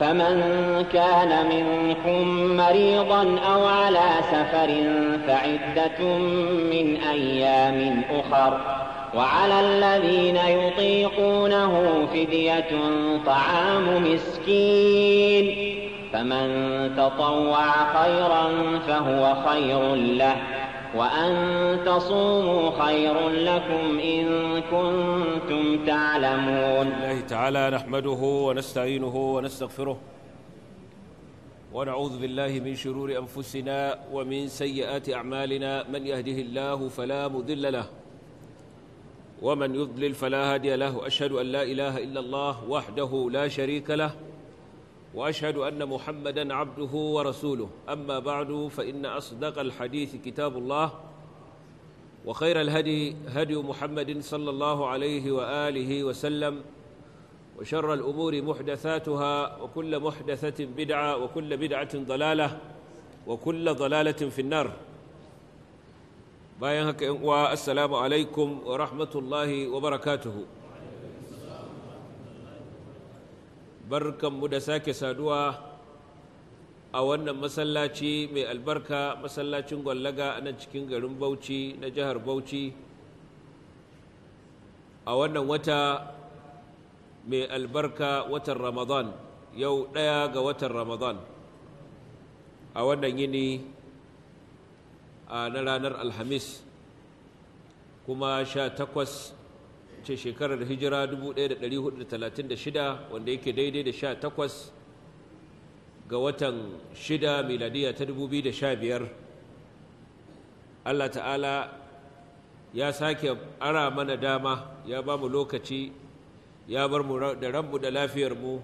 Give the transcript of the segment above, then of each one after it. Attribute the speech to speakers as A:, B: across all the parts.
A: فمن كان منكم مريضا أو على سفر فعدة من أيام أخر
B: وعلى الذين
A: يطيقونه فدية طعام مسكين فمن تطوع خيرا فهو خير له وأن تصوموا خير لكم إن كنتم تعلمون الله تعالى نحمده ونستعينه ونستغفره
C: ونعوذ بالله من شرور أنفسنا ومن سيئات أعمالنا من يهده الله فلا مضل له ومن يضلل فلا هادي له أشهد أن لا إله إلا الله وحده لا شريك له واشهد ان محمدا عبده ورسوله اما بعد فان اصدق الحديث كتاب الله وخير الهدي هدي محمد صلى الله عليه واله وسلم وشر الامور محدثاتها وكل محدثه بدعه وكل بدعه ضلاله وكل ضلاله في النار السلام عليكم ورحمه الله وبركاته barkanmu da sake saduwa a wannan masallaci mai albarka masallacin gwallaga a nan cikin garin bauchi na jihar bauchi a wannan wata mai albarka watan ramadan yau ɗaya ga watan ramadan a wannan yini na ranar alhamis kuma sha takwas ce shekarar hijira 1436 wanda yake daidai da 18 ga watan 6 miladiya ta 2015 Allah ta'ala ya sake ara mana dama ya ba mu lokaci ya bar mu da ranmu da mu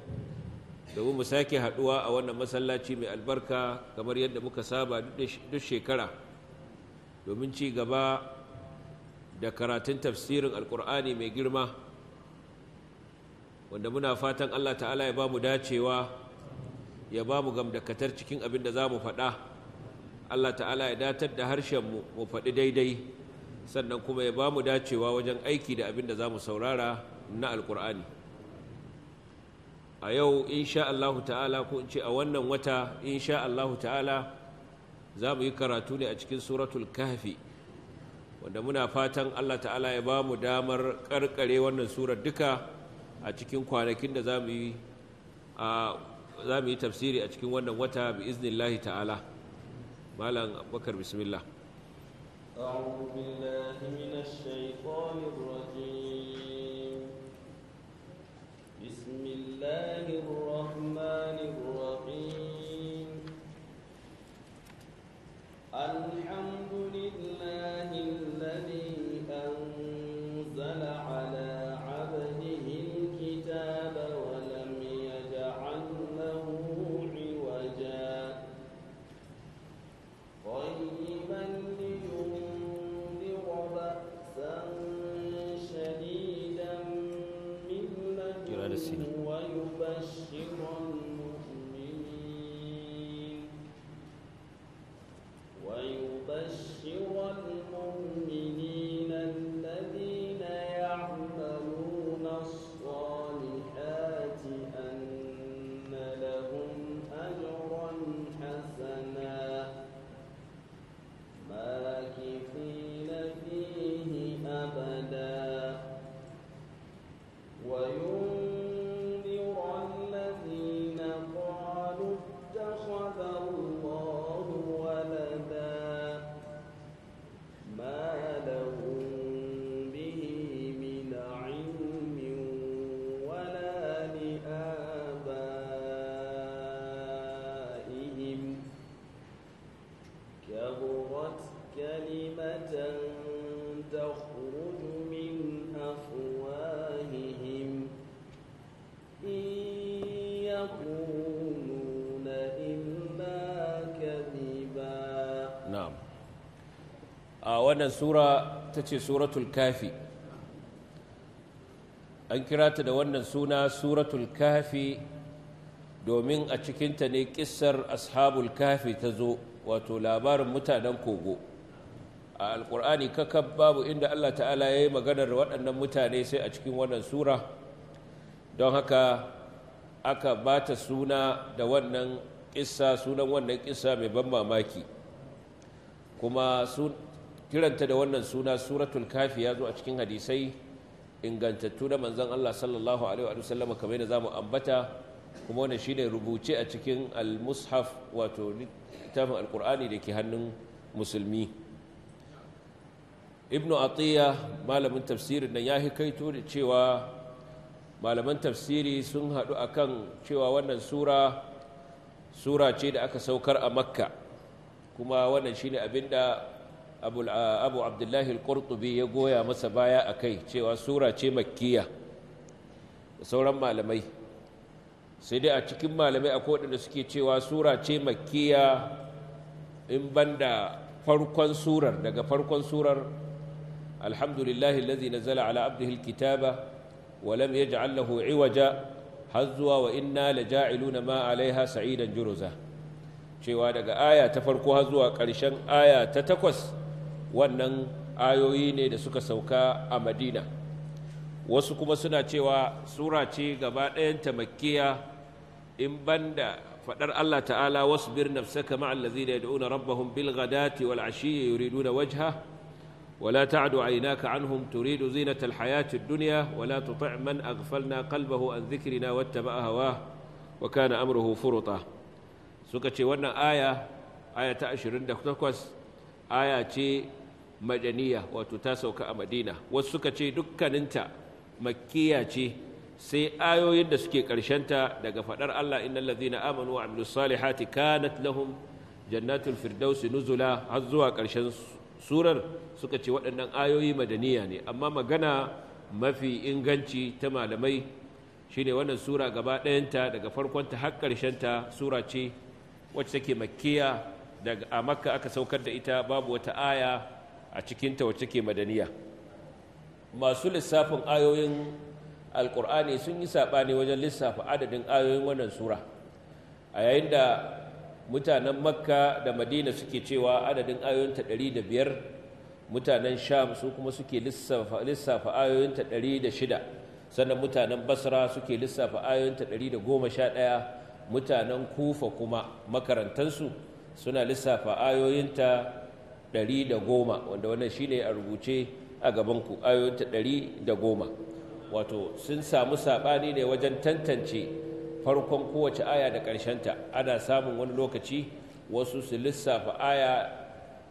C: domin mu sake haɗuwa a wannan masallaci mai albarka kamar yadda muka saba duk shekara domin ci gaba da karatun tafsirin alkur'ani mai girma wanda muna fatan allah ta'ala ya ba mu dacewa ya ba mu gamdakatar cikin abin da za mu faɗa allah ta'ala ya datar da harshen mu mu faɗi daidai sannan kuma ya ba mu dacewa wajen aiki da abin da za mu saurara na alkur'ani a yau insha allahu ta'ala ko in ce a wannan wata insha allahu ta'ala za mu yi karatu ne a cikin suratul kahfi wanda muna fatan Allah ta'ala ya ba mu damar karkare wannan surar duka a cikin kwanakin da za mu yi tafsiri a cikin wannan wata bi Lahi ta'ala malam abubakar bismillah
B: الحمد لله
C: wannan sura ta ce suratul kafi an kira ta da wannan suna suratul kafi domin a cikinta ne ƙisar ashabul kafi ta zo wato labarin mutanen kogo a alkur'ani kakab babu inda allah ta'ala ya yi maganar waɗannan mutane sai a cikin wannan sura don haka aka ba ta suna da wannan ƙisa sunan wannan ƙisa mai ban mamaki kuma kiranta da wannan suna suratul kafi ya zo a cikin hadisai ingantattu na manzon Allah sallallahu alaihi wa sallam kamar da zamu ambata kuma wannan shine rubuce a cikin al-mushaf wato littafin alkur'ani da ke hannun musulmi ibnu atiya malamin tafsirin nan ya hikaito da cewa malaman tafsiri sun haɗu akan cewa wannan sura sura ce da aka saukar a makka kuma wannan shine abinda Uh, abu abdullahi al-qurtubi ya goya masa baya a kai cewa sura ce makkiya sauran malamai sai dai a cikin malamai akwai waɗanda suke cewa sura ce makkiya in banda farkon surar daga farkon surar alhamdulillahi allazi nazala ala abdihi alkitaba wa lam yaj'al lahu iwaja har zuwa wa inna laja'iluna ma alaiha sa'idan juruza cewa daga aya ta farko har zuwa ƙarshen aya ta takwas wannan ayoyi ne da suka sauka a madina wasu kuma suna cewa sura ce gaba ɗayanta makkiya in banda faɗar allah ta'ala wasu birnin nafsaka ma'allazi da yadda'una rabbahun bilgadati wal ashiyya yuri duna wajha wala ta'adu ainaka anhum turidu zinatal hayati duniya wala tuti' man aghfalna qalbahu an dhikrina wattaba'a hawa wa kana amruhu suka ce wannan aya aya ta 28 aya ce madaniya wato ta sauka a madina wasu suka ce dukkaninta makkiya ce sai ayoyin da suke ta daga faɗar allah innal ladhina amanu wa amilus salihati kanat lahum jannatul firdausi nuzula har zuwa karshen surar suka ce waɗannan ayoyi madaniya ne amma magana mafi inganci ta malamai shine wannan sura gaba ɗayanta daga farkonta har ta sura ce wacce take makkiya daga a makka aka saukar da ita babu wata aya a cikinta wacce ke madaniya masu lissafin ayoyin alkur'ani sun yi saɓani wajen lissafa adadin ayoyin wannan sura a yayin da mutanen makka da madina suke cewa adadin ayoyinta ɗari da biyar mutanen sham su kuma suke lissafa ayoyinta ɗari da shida sannan mutanen basra suke lissafa ayoyinta ɗari da goma sha ɗaya mutanen kufa kuma makarantansu suna lissafa ayoyinta ɗari da goma wanda wannan shi ne a rubuce a gabanku ayoyinta ɗari da goma wato sun samu saɓani ne wajen tantance farkon kowace aya da ta ana samun wani lokaci wasu su lissafa aya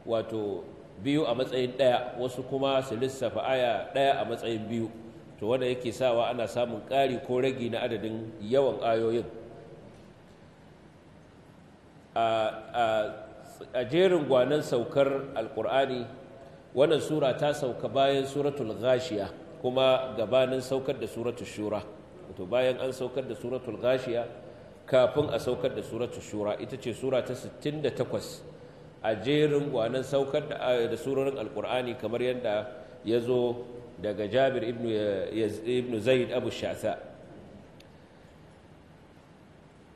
C: wato biyu a matsayin ɗaya wasu kuma su lissafa aya ɗaya a matsayin biyu to wanda yake sawa ana samun ƙari ko ragi na adadin yawan ayoyin a a jerin gwanan saukar alkur'ani wannan sura ta sauka bayan suratul ghashiya kuma gabanin saukar da suratul shura wato bayan an saukar da suratul ghashiya kafin a saukar da suratul shura ita ce sura ta 68 a jerin gwanan saukar da surorin alkur'ani kamar yadda ya zo daga jabir ibn zaid abu shasa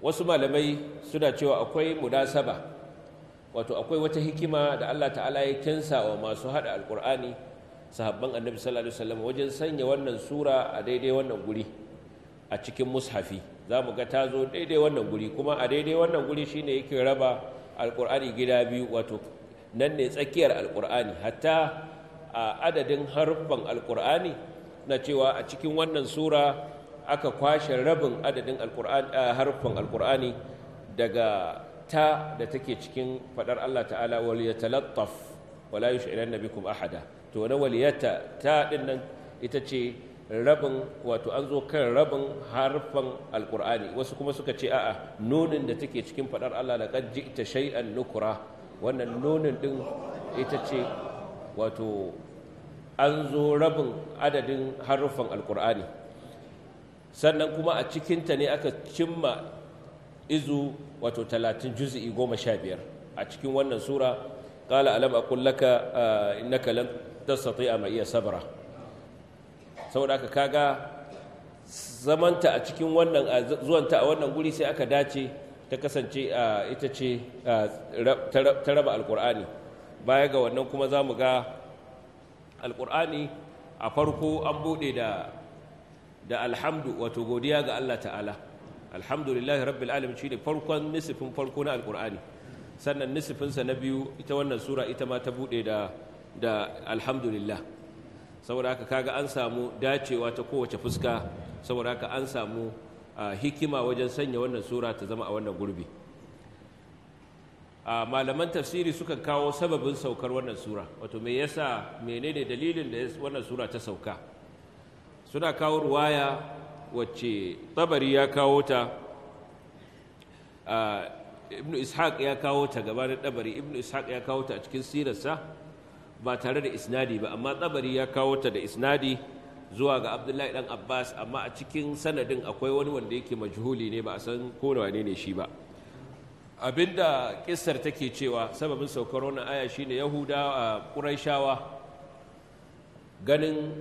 C: wasu malamai suna cewa akwai munasaba wato akwai wata hikima da Allah ta'ala ya kensa wa masu hada alkur'ani sahabban annabi sallallahu alaihi wasallam wajen sanya wannan sura a daidai wannan guri a cikin mushafi za mu ga ta zo daidai wannan guri kuma a daidai wannan guri shine yake raba alkur'ani gida biyu wato nan ne tsakiyar alkur'ani hatta a adadin harfan alkur'ani na cewa a cikin wannan sura aka kwashe rabin adadin harfan alkur'ani daga ta da take cikin fadar Allah ta'ala wal yatalattaf wala na bikum ahada to na waliyata ta ɗin nan ita ce rabin wato an zo kan rabin harfan alqur'ani wasu kuma suka ce a'a nunin da take cikin fadar Allah laqad ji'ta shay'an nukra wannan nunin din ita ce wato an zo rabin adadin harfan alqur'ani sannan kuma a cikinta ne aka cimma izu wato talatin juz'i goma sha a cikin wannan sura qala alam a kullaka innaka lan tastati'a ma iya sabra saboda haka kaga zamanta a cikin wannan zuwanta a wannan guri sai aka dace ta kasance ita ce ta raba alkur'ani baya ga wannan kuma za mu ga alkur'ani a farko an buɗe da alhamdu wato godiya ga allah ta'ala alhamdulillahi rabbil alamin shine farkon nisifin farko na alqur'ani sannan nisifin sa na biyu ita wannan sura ita ma ta bude da da alhamdulillah saboda haka kaga an samu dacewa ta kowace fuska saboda haka an samu hikima wajen sanya wannan sura ta zama a wannan gurbi malaman tafsiri suka kawo sababin saukar wannan sura wato me yasa menene dalilin da wannan sura ta sauka suna kawo ruwaya wacce tabari ya kawo ta ibn ishaq ya kawo ta gabanin tabari ibn ishaq ya kawo ta a cikin sirarsa ba tare da isnadi ba amma tabari ya kawo ta da isnadi zuwa ga abdullahi dan abbas amma a cikin sanadin akwai wani wanda yake majhuli ne ba a san ko wane ne shi ba abinda kissar take cewa sababin saukar wannan aya shine Yahuda a quraishawa ganin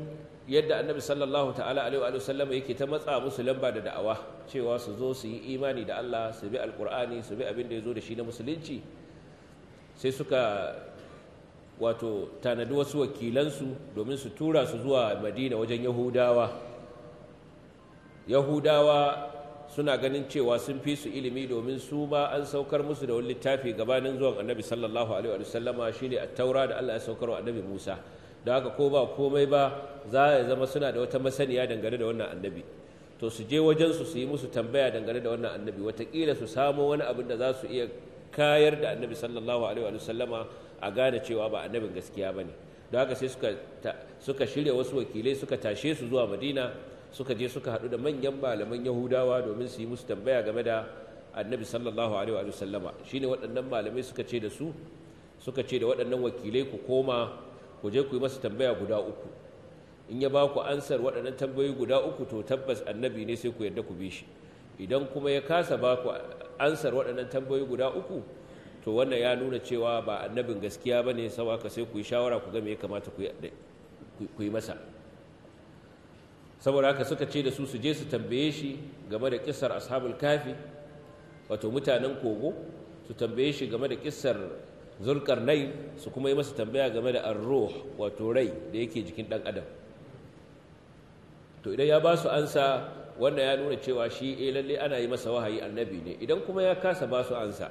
C: yadda annabi sallallahu ta'ala alaihi wa sallam yake ta matsa musu lamba da da'awa cewa su zo su yi imani da Allah su bi alqur'ani su bi abin da ya zo da shi na musulunci sai suka wato tanadi wasu wakilansu domin su tura su zuwa madina wajen yahudawa yahudawa suna ganin cewa sun fi su ilimi domin su ma an saukar musu da wani littafi gabanin zuwan annabi sallallahu alaihi wa sallama shine at-taura da Allah ya saukar wa annabi Musa da haka ko ba komai ba za a zama suna da wata masaniya dangane da wannan annabi to su je wajensu su yi musu tambaya dangane da wannan annabi Wataƙila su samo wani abin da za su iya kayar da annabi sallallahu alaihi wa sallama a gane cewa ba annabin gaskiya ba ne da haka sai suka, suka shirya wasu wakilai suka tashe su zuwa madina suka je suka haɗu da manyan malaman yahudawa domin su yi musu tambaya game da annabi sallallahu alaihi wa sallama shine waɗannan malamai suka ce da su suka ce da waɗannan wakilai ku koma ku je ku yi masa tambaya guda uku in ya ba ku ansar waɗannan tambayoyi guda uku to tabbas annabi ne sai ku yarda ku bi shi idan kuma ya kasa ba ku ansar waɗannan tambayoyi guda uku to wannan ya nuna cewa ba annabin gaskiya ba ne sau haka sai ku yi shawara ku ga ya kamata ku yi masa saboda haka suka ce da su su je su tambaye shi game da kisar ashabul kafi wato mutanen kogo su tambaye shi game da kisar nai su kuma yi masa tambaya game da arruh wato rai da yake jikin dan adam to idan ya ba su ansa wannan ya nuna cewa shi eh lalle ana yi masa wahayi annabi ne idan kuma ya kasa ba su ansa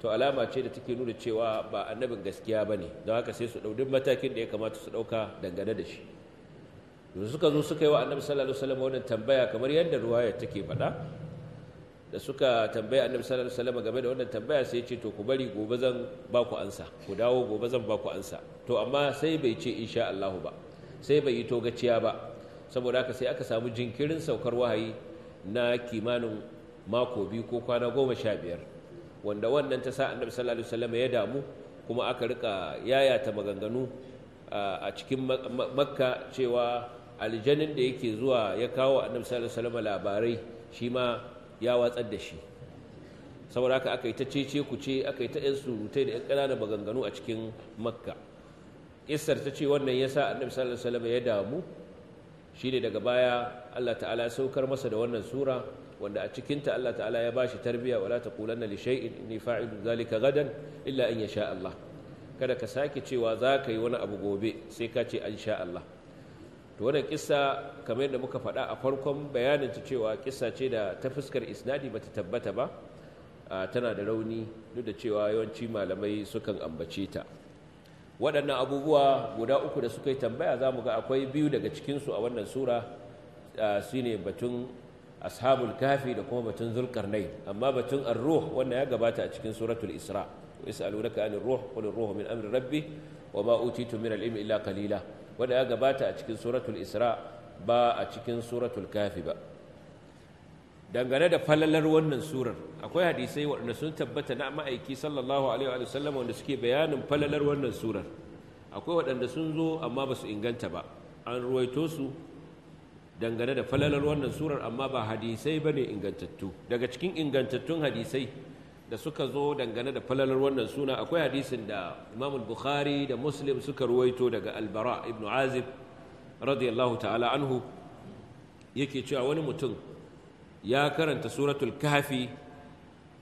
C: to alama ce da take nuna cewa ba annabin gaskiya ba ne don haka sai su ɗau matakin da ya kamata su ɗauka dangane da shi yanzu suka zo suka yi wa annabi sallallahu alaihi wasallam wannan tambaya kamar yadda ruwaya take faɗa da suka tambaya annabi sallallahu alaihi wasallam game da wannan tambaya sai ya ce to ku bari gobe zan ba ku ansa ku dawo gobe zan ba ku ansa to amma sai bai ce insha Allah ba sai bai yi togaciya ba saboda haka sai aka samu jinkirin saukar wahayi na kimanin mako biyu ko kwana goma sha biyar wanda wannan ta sa annabi sallallahu alaihi ya damu kuma aka rika yaya ta maganganu a cikin makka cewa aljanin da yake zuwa ya kawo annabi sallallahu alaihi labarai shi ma ya watsar da shi saboda haka aka yi ta cece ku ce aka yi ta yan surutai da yan ƙananan maganganu a cikin makka isar ta ce wannan ya sa annabi sallallahu alaihi wasallam ya damu shi ne daga baya allah ta'ala saukar masa da wannan sura wanda a cikinta allah ta'ala ya ba shi tarbiya wala taqulanna li shay'in inni fa'ilu zalika gadan illa in sha Allah kada ka sake cewa za ka yi wani abu gobe sai ka ce an sha Allah to wannan kissa kamar yadda muka faɗa a farkon bayanin ta cewa kisa ce da ta fuskar isnadi bata tabbata ba tana da rauni duk da cewa yawanci malamai sukan ambace ta waɗannan abubuwa guda uku da suka yi tambaya za mu ga akwai biyu daga cikinsu a wannan sura su ne batun ashabul kafi da kuma batun zulkarnai amma batun arruh wannan ya gabata a cikin suratul isra yas'alunaka anir ruh qul ruhu min amri rabbi wa ma utitu min al-ilmi illa qalila wanda ya gabata a cikin suratul isra ba a cikin suratul kafi ba dangane da falalar wannan surar akwai hadisai waɗanda sun tabbata na ma'aiki sallallahu alaihi wa sallam wanda suke bayanin falalar wannan surar akwai waɗanda sun zo amma ba su inganta ba an ruwaito su dangane da falalar wannan surar amma ba hadisai ba ne ingantattu daga cikin ingantattun hadisai da suka zo dangane da falalar wannan suna akwai hadisin da imam bukhari da muslim suka ruwaito daga albara ibn azib radiyallahu ta'ala anhu yake cewa wani mutum ya karanta suratul kafi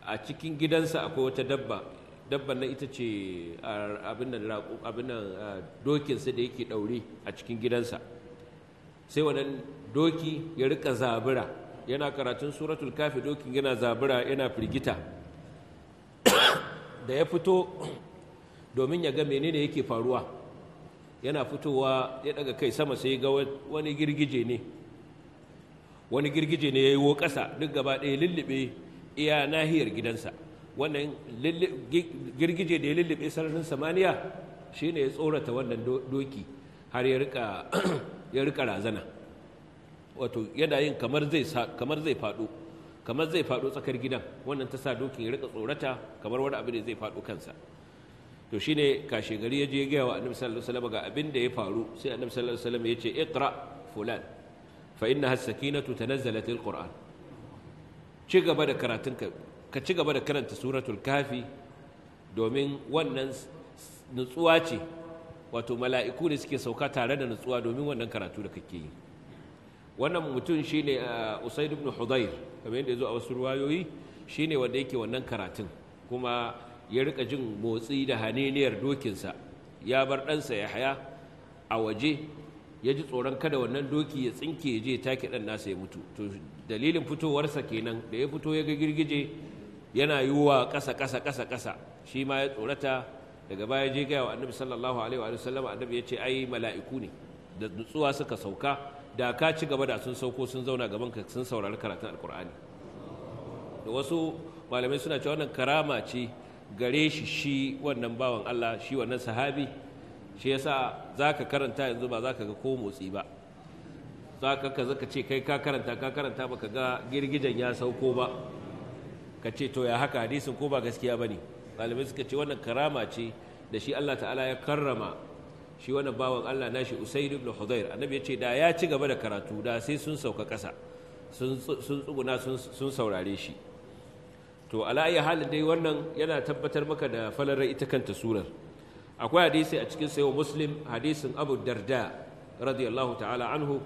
C: a cikin gidansa akwai wata dabba dabban nan ita ce abin dokinsa da yake ɗaure a cikin gidansa sai wannan doki ya rika zabura yana karatun suratul kafi dokin yana zabira yana firgita da ya fito domin ya ga menene yake faruwa yana fitowa ya daga kai sama sai ga wani girgije ne wani girgije ne ya yiwo ƙasa duk gaba ɗaya lullube iya nahiyar gidansa wannan girgije da ya lullube sararin samaniya shi ne ya tsorata wannan doki har ya rika razana wato yana yin kamar zai faɗo kamar zai faɗo tsakar gidan wannan ta sa dokin ya rika tsorata kamar wani abin da zai faɗo kansa to shine kashe gari ya je gaya wa annabi sallallahu alaihi wasallam ga abin da ya faru sai annabi sallallahu alaihi wasallam ya ce iqra fulan fa inna as-sakinatu tanazzalat al-qur'an ci gaba da karatun ka ka ci gaba da karanta suratul kafi domin wannan nutsuwa ce wato mala'iku ne suke sauka tare da nutsuwa domin wannan karatu da kake yi wannan mutum shine uh, usaid ibn hudayr kamar yadda zo a wasu ruwayoyi shine wanda yake wannan karatun kuma ya rika jin motsi da haneniyar dokinsa ya bar ɗansa ya haya a waje ya ji tsoron kada wannan doki ya tsinke ya je take ɗan nasa ya mutu to dalilin fitowarsa kenan da ya fito ya ga girgije yana yiwuwa ƙasa ƙasa ƙasa ƙasa shi ma ya tsorata daga baya je gaya wa annabi sallallahu alaihi wa sallam annabi ya ce ai mala'iku ne da nutsuwa suka sauka da ka ci gaba da sun sauko sun zauna gaban ka sun saurari karatun alkur'ani da wasu malamai suna cewa wannan karama ce gare shi shi wannan bawan Allah shi wannan sahabi shi yasa zaka karanta yanzu ba zaka ga ko motsi ba zaka ka zaka ce kai ka karanta ka karanta baka ga girgijen ya sauko ba ka ce to ya haka hadisin ko ba gaskiya ba ne malamai suka ce wannan karama ce da shi Allah ta'ala ya karrama shi wani bawan Allah shi Usaid ibn Hudayr annabi ya ce da ya ci gaba da karatu da sai sun sauka ƙasa sun tsuguna sun saurare shi to ala halin dai wannan yana tabbatar maka da falarar ita kanta surar akwai hadisi a cikin sayo muslim hadisin abu darda radiyallahu ta'ala anhu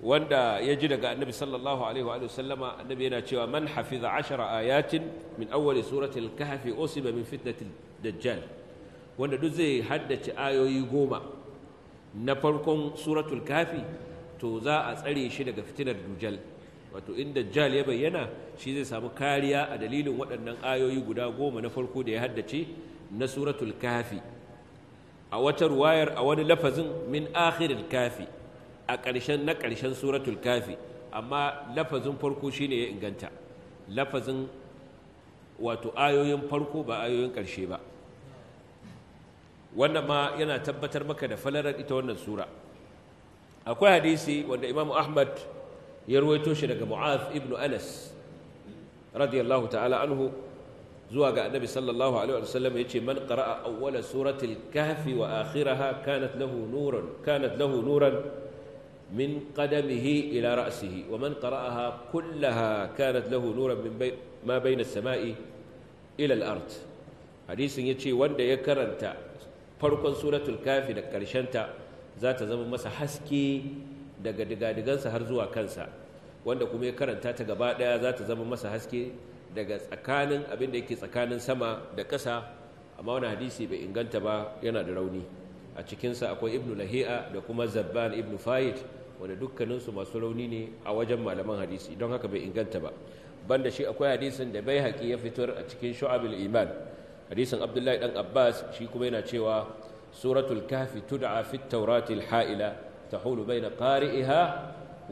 C: wanda ya ji daga annabi sallallahu alaihi wa sallama annabi yana cewa man hafiza ashara ayatin min awwali suratil kahfi usiba min fitnatil dajjal wanda duk zai haddace ayoyi goma na farkon suratul kafi to za a tsare shi daga fitinar dujal wato in dajjal ya bayyana shi zai samu kariya a dalilin waɗannan ayoyi guda goma na farko da ya haddace na suratul kafi a wata ruwayar a wani lafazin min akhiril kafi a ƙarshen na ƙarshen suratul kafi amma lafazin farko shine ya inganta lafazin wato ayoyin farko ba ayoyin ƙarshe ba wannan ma yana tabbatar maka da falarar ita wannan sura akwai hadisi wanda imamu ahmad ya ruwaito shi daga mu'az ibnu anas radiyallahu ta'ala anhu zuwa ga annabi sallallahu alaihi wasallam yace man qara'a awwala suratil kahfi wa akhiraha kanat lahu nuran kanat lahu nuran min qadamihi ila ra'sihi wa man qara'aha kullaha kanat lahu nuran min ma bayna as-sama'i ila al-ard hadisin yace wanda ya karanta farkon suratul kafi da ta za ta zama masa haske daga digadigansa har zuwa kansa wanda kuma ya karanta ta gaba ɗaya za ta zama masa haske daga tsakanin abin da yake tsakanin sama da ƙasa amma wani hadisi bai inganta ba yana da rauni a cikinsa akwai ibnu lahi'a da kuma zabban ibnu fayid wanda dukkaninsu masu rauni ne a wajen malaman hadisi don haka bai inganta ba banda shi akwai hadisin da bai haƙi ya fitar a cikin shu'abil iman hadisin abdullahi dan abbas shi kuma yana cewa suratul kafi tud'a fit taurati haila tahulu baina qari'iha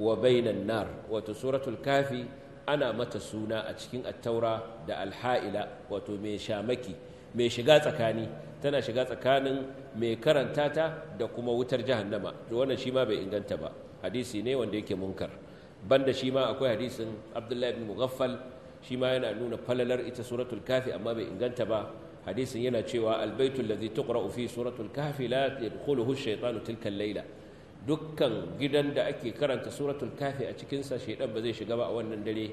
C: wa baina nar wato suratul kafi ana mata suna a cikin attaura da alha'ila wato mai shamaki mai shiga tsakani tana shiga tsakanin mai karanta ta da kuma wutar jahannama to wannan shi ma bai inganta ba hadisi ne wanda yake munkar banda shi ma akwai hadisin abdullahi ibn mughaffal shi ma yana nuna falalar ita suratul kafi amma bai inganta ba hadisin yana cewa albaitul allazi tuqra'u fi suratul kahfi la yadkhuluhu ash-shaytanu tilka al-laila dukkan gidan da ake karanta suratul kahfi a cikin sa shaytan ba zai shiga ba a wannan dare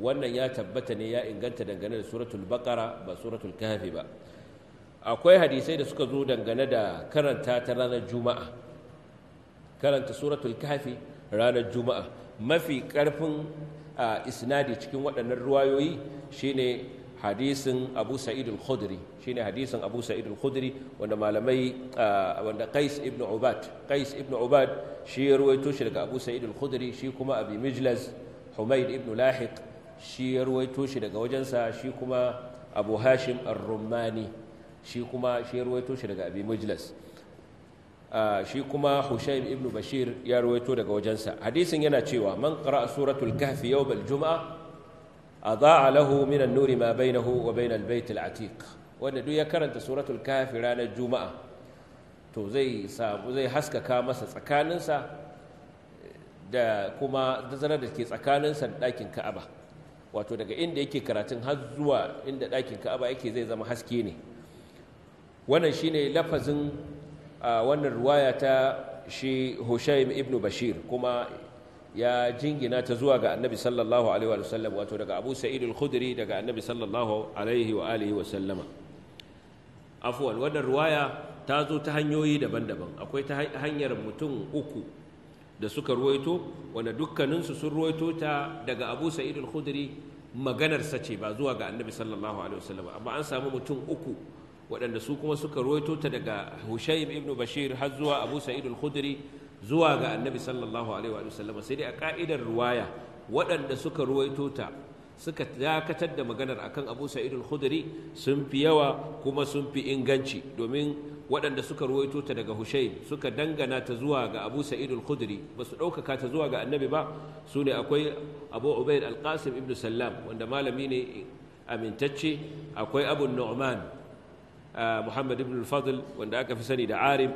C: wannan ya tabbata ne ya inganta dangane da suratul baqara ba suratul kahfi ba akwai hadisai da suka zo dangane da karanta ta ranar juma'a karanta suratul kahfi ranar juma'a mafi karfin isnadi cikin waɗannan ruwayoyi shine hadisin abu sa'id al-khudri shine hadisin abu sa'id al-khudri wanda malamai ah, wanda qais ibn ubad qais ibn ubad shi ya ruwaito shi daga abu sa'id al-khudri shi kuma abi mijlaz humayd ibn lahiq shi ya ruwaito shi daga wajensa shi kuma abu hashim ar-rummani shi kuma shi ya ruwaito shi daga abi mijlaz ah, shi kuma hushaym ibn bashir ya ruwaito daga wajensa hadisin yana cewa man qara'a suratul kahfi yawm al-jum'a أضاع له من النور ما بينه وبين البيت العتيق wanda duk ya karanta suratul kafi ranar juma'a to zai samu zai haskaka masa tsakaninsa da kuma dazarar da ke tsakaninsa da ɗakin ka'aba wato daga inda yake karatun har zuwa inda ɗakin ka'aba yake zai zama haske ne wannan shine lafazin wannan ruwaya ta shi hushaim ibnu bashir kuma ya jingina ta zuwa ga annabi sallallahu alaihi wa sallam wato daga abu sa'id al-khudri daga annabi sallallahu alaihi wa alihi wa sallama afwan wannan ruwaya ta zo ta hanyoyi daban-daban akwai ta hanyar mutum uku da suka ruwaito wanda dukkaninsu sun ruwaito ta daga abu sa'id al-khudri maganarsa ce ba zuwa ga annabi sallallahu alaihi wa sallama amma an samu mutum uku waɗanda su kuma suka ruwaito ta daga hushaib ibn bashir har zuwa abu sa'id al-khudri zuwa ga annabi sallallahu alaihi Wasallam. sai dai a ka'idar ruwaya waɗanda suka ruwaito ta suka dakatar da maganar akan abu sa'id al-khudri sun fi yawa kuma sun fi inganci domin waɗanda suka ruwaito ta daga hushain suka dangana ta zuwa ga abu sa'id al-khudri ba su ɗaukaka ta zuwa ga annabi ba su ne akwai abu ubaid al-qasim ibn sallam wanda malami ne amintacce akwai abu nu'man ah, muhammad ibn al-fadl wanda aka fi sani da arim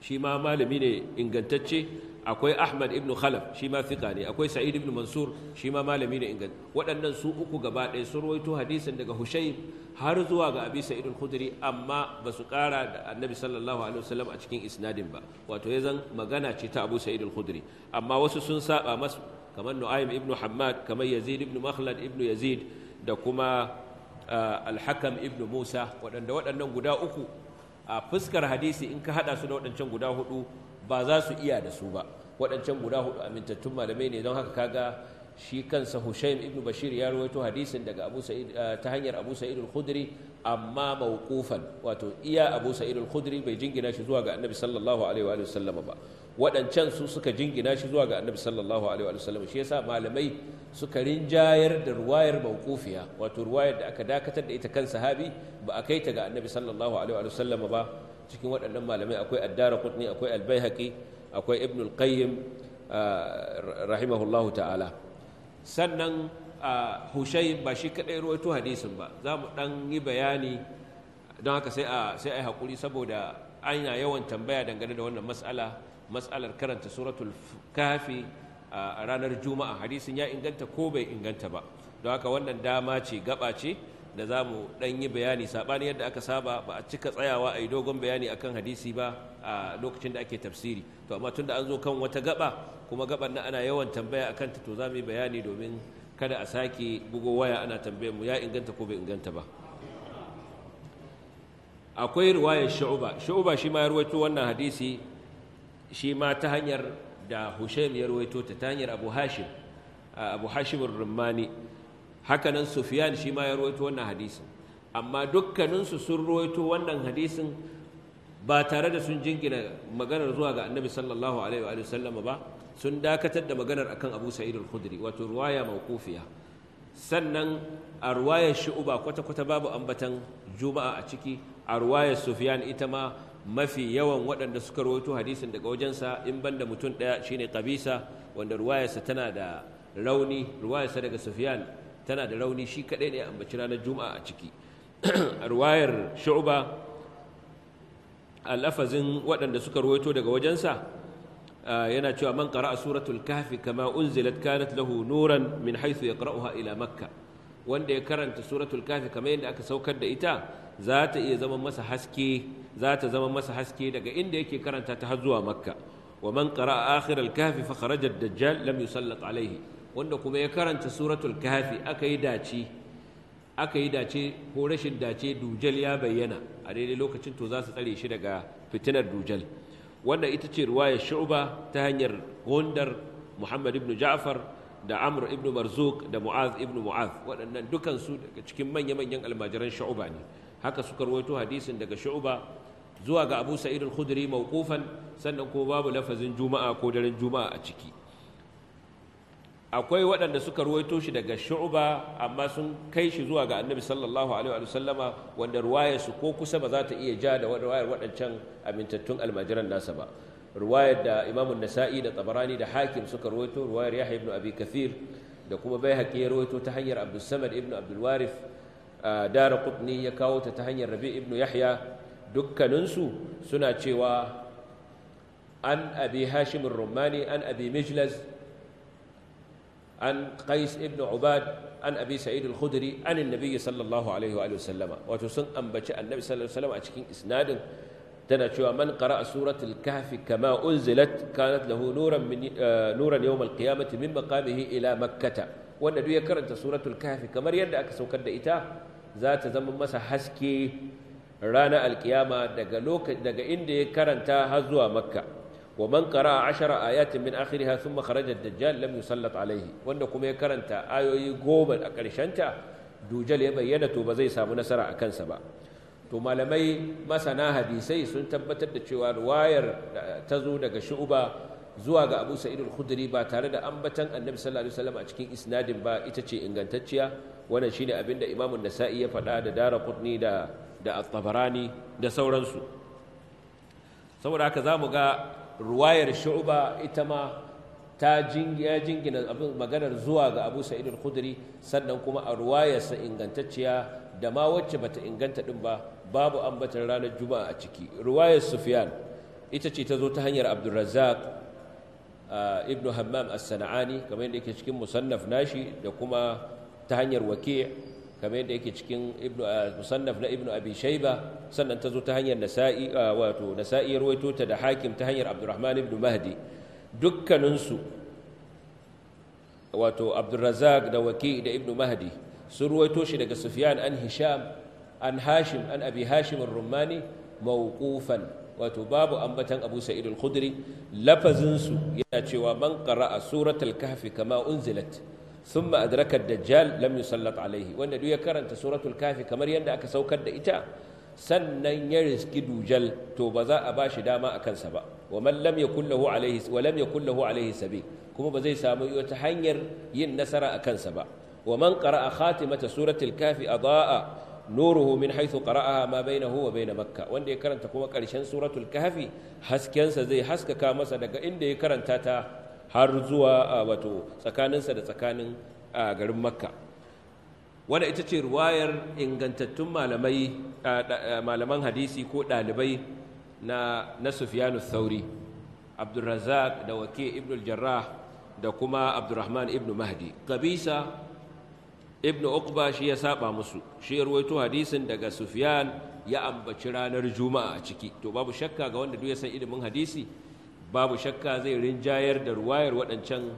C: shi ma malami ne ingantacce akwai ahmad ibn khalaf shi ma fika ne akwai sa'id ibn mansur shi ma malami ne ingant waɗannan su uku gaba ɗaya sun rawaito hadisin daga hushayb har zuwa ga abi sa'id al-khudri amma ba su ƙara da annabi sallallahu alaihi wasallam a cikin isnadin ba wato ya zan magana ce ta abu sa'id al-khudri amma wasu sun saba mas kamar nu'aym ibn hammad kamar yazid ibn makhlad ibn yazid da kuma ah, al-hakam ibn musa waɗanda waɗannan guda uku a fuskar hadisi in ka haɗa su da waɗancan guda hudu ba za su iya da su ba waɗancan guda hudu amintattun malamai ne don haka kaga shi kansa Hushaim ibn Bashir ya rawaito hadisin daga Abu Sa'id eh, ta hanyar Abu Sa'id al-Khudri amma mawqufan wato iya Abu Sa'id al-Khudri bai jingina shi zuwa ga Annabi sallallahu alaihi wa sallam ba waɗancan su suka jingina shi zuwa ga Annabi sallallahu alaihi wa sallam shi yasa malamai suka rinjayar da ruwayar mawqufiya wato ruwayar da aka dakatar da ita kan sahabi ba a kai ta ga Annabi sallallahu alaihi wa sallam ba cikin waɗannan malamai akwai ad-Darqutni akwai al-Baihaqi akwai Ibn al-Qayyim eh, rahimahullahu ta'ala sannan a hushai ba shi kaɗai ruwaito hadisin ba za mu ɗan yi bayani don haka sai a yi haƙuri saboda an yawan tambaya dangane da wannan matsala matsalar karanta suratul kafi a ranar juma'a hadisin ya inganta ko bai inganta ba don haka wannan dama ce gaba ce da za mu ɗan yi bayani saɓani yadda aka saba ba a cika tsayawa a yi dogon bayani akan hadisi ba a lokacin da ake tafsiri to amma tun da an zo kan wata gaba kuma gaban nan ana yawan tambaya a kanta to za mu yi bayani domin kada a sake bugo waya ana tambayar mu ya inganta ko bai inganta ba akwai ruwayar shu'uba shu'uba shi ma ya rawaito wannan hadisi shi ma ta hanyar da hushaim ya rawaito ta hanyar abu hashim abu hashim rumani hakanan sufiyan shi ma ya ruwaito wannan hadisin amma dukkaninsu sun ruwaito wannan hadisin ba tare da sun jingina maganar zuwa ga annabi sallallahu alaihi wa sallam ba sun dakatar da maganar akan abu sa'id al-khudri wato ruwaya mawqufiya sannan a ruwayar shu'uba kwata kwata babu ambatan juma'a a ciki a ruwayar sufyan ita ma mafi yawan waɗanda suka rawaito hadisin daga wajensa in banda mutum ɗaya shine qabisa wanda ruwayarsa tana da rauni ruwayarsa daga sufyan tana da rauni shi kaɗai ne ambaci ranar juma'a a ciki a ruwayar shu'ba a lafazin waɗanda suka ruwaito daga wajensa yana cewa man a suratul kafi kama unzilat kanat lahu nuran min ya yaqra'uha ila makka wanda ya karanta suratul kafi kamar yadda aka saukar da ita za ta iya zama masa haske za ta zama masa haske daga inda yake karanta ta har zuwa makka wa man a akirar kafi fa kharaja dajjal lam yusallat alaihi wanda kuma ya karanta suratul kafi aka yi dace aka yi dace ko rashin dace dujal ya bayyana a daidai lokacin to za su tsare shi daga fitinar dujal Wanda ita ce ruwaya shu'ba ta hanyar gondar muhammad ibn ja'far da amr ibn marzuk da mu'az ibn mu'az waɗannan dukansu daga cikin manya-manyan almajiran shu'ba ne haka suka rawaito hadisin daga shu'ba zuwa ga abu sa'id al-khudri mawqufan sannan ko babu lafazin juma'a ko daren juma'a a ciki akwai waɗanda suka ruwaito shi daga Shu'uba amma sun kai shi zuwa ga annabi sallallahu alaihi wa sallama wanda ruwayarsu ko kusa ba za ta iya ja da ruwayar waɗancan amintattun almajiran nasa ba ruwayar da imamun nasa'i da tabarani da hakim suka ruwaito ruwayar yahya ibn abi kathir da kuma baihaqi ya ruwaito ta hanyar abdul samad ibn abdul warif dara qutni ya kawo ta ta hanyar rabi ibn yahya dukkaninsu suna cewa an abi hashim rumani an abi mijlaz عن قيس ابن عباد عن أبي سعيد الخدري عن النبي صلى الله عليه وآله وسلم وتسن أنبت النبي صلى الله عليه وسلم أشكين إسناد تنشوى من قرأ سورة الكهف كما أنزلت كانت له نورا من نورا يوم القيامة من مقامه إلى مكة والنبي يكرن سورة الكهف كما يند أكسو كد إتاه ذات زمن مسا حسكي رانا القيامة دقا لوك دقا إندي كرنتا هزوا مكة wa man qara ashara ayatin min akhiriha thumma kharaja ad-dajjal lam yusallat alayhi wanda kuma ya karanta ayoyi goma a ta dujal ya bayyana to ba zai samu nasara a kansa ba to malamai masana hadisai sun tabbatar da cewa ruwayar ta zo daga shu'uba zuwa ga Abu Sa'id al-Khudri ba tare da ambatan Annabi sallallahu alaihi wasallam a cikin isnadin ba ita ce ingantacciya wannan shine abinda Imam an-Nasa'i ya faɗa da Daraqutni da da At-Tabarani da sauransu saboda haka zamu ga ruwayar shu'uba ita ma ta ya jingina abin maganar zuwa ga abu sa'id al-khudri sannan kuma a ruwayarsa ingantacciya da ma wacce bata inganta din ba babu ambatan ranar juma'a a ciki ruwayar sufyan ita ce ta zo ta hanyar abdulrazzaq ibn hammam as-sana'ani kamar yadda yake cikin musannaf nashi da kuma ta hanyar waki' kamar yadda yake cikin ibnu ah, musannaf na ibnu abi sannan ta zo ta hanyar nasa'i ah, wato nasa'i ta da hakim ta hanyar abdurrahman ibnu mahdi dukkaninsu wato da waki da ibnu mahdi sun ruwaito shi daga sufyan an hisham an hashim an abi hashim rumani mawqufan wato babu ambatan abu sa'id al-khudri lafazinsu yana cewa man qara'a suratul kahfi kama unzilat Sun ثم Dajjal الدجال لم يسلط عليه وأن دو يكرن سورة kamar yadda aka saukar da ita. sannan ya riski dujal to ba za a bashi dama a kansa ba wa man lam yakul lahu wa lam yakul lahu alaihi sabi kuma ba zai samu wata hanyar yin nasara a kansa ba wa man qara'a khatimata suratul kafi adaa nuruhu min haythu qara'aha ma bainahu wa bain makkah wanda ya karanta kuma karshen suratul kafi haskensa zai haskaka masa daga inda ya karanta ta har zuwa wato tsakaninsa da tsakanin a garin makka wadda ita ce ruwayar ingantattun malaman hadisi ko ɗalibai na na Sauri, sauri abdulrazak da wake ibn jarrah da kuma abdurrahman ibn mahdi kabisa ibn uqba shi ya saba musu shi ya ruwaito hadisin daga Sufiyan ya ambaci ranar juma'a a ciki to babu shakka ga wanda duk ya san ilimin hadisi babu shakka zai rinjayar da ruwayar waɗancan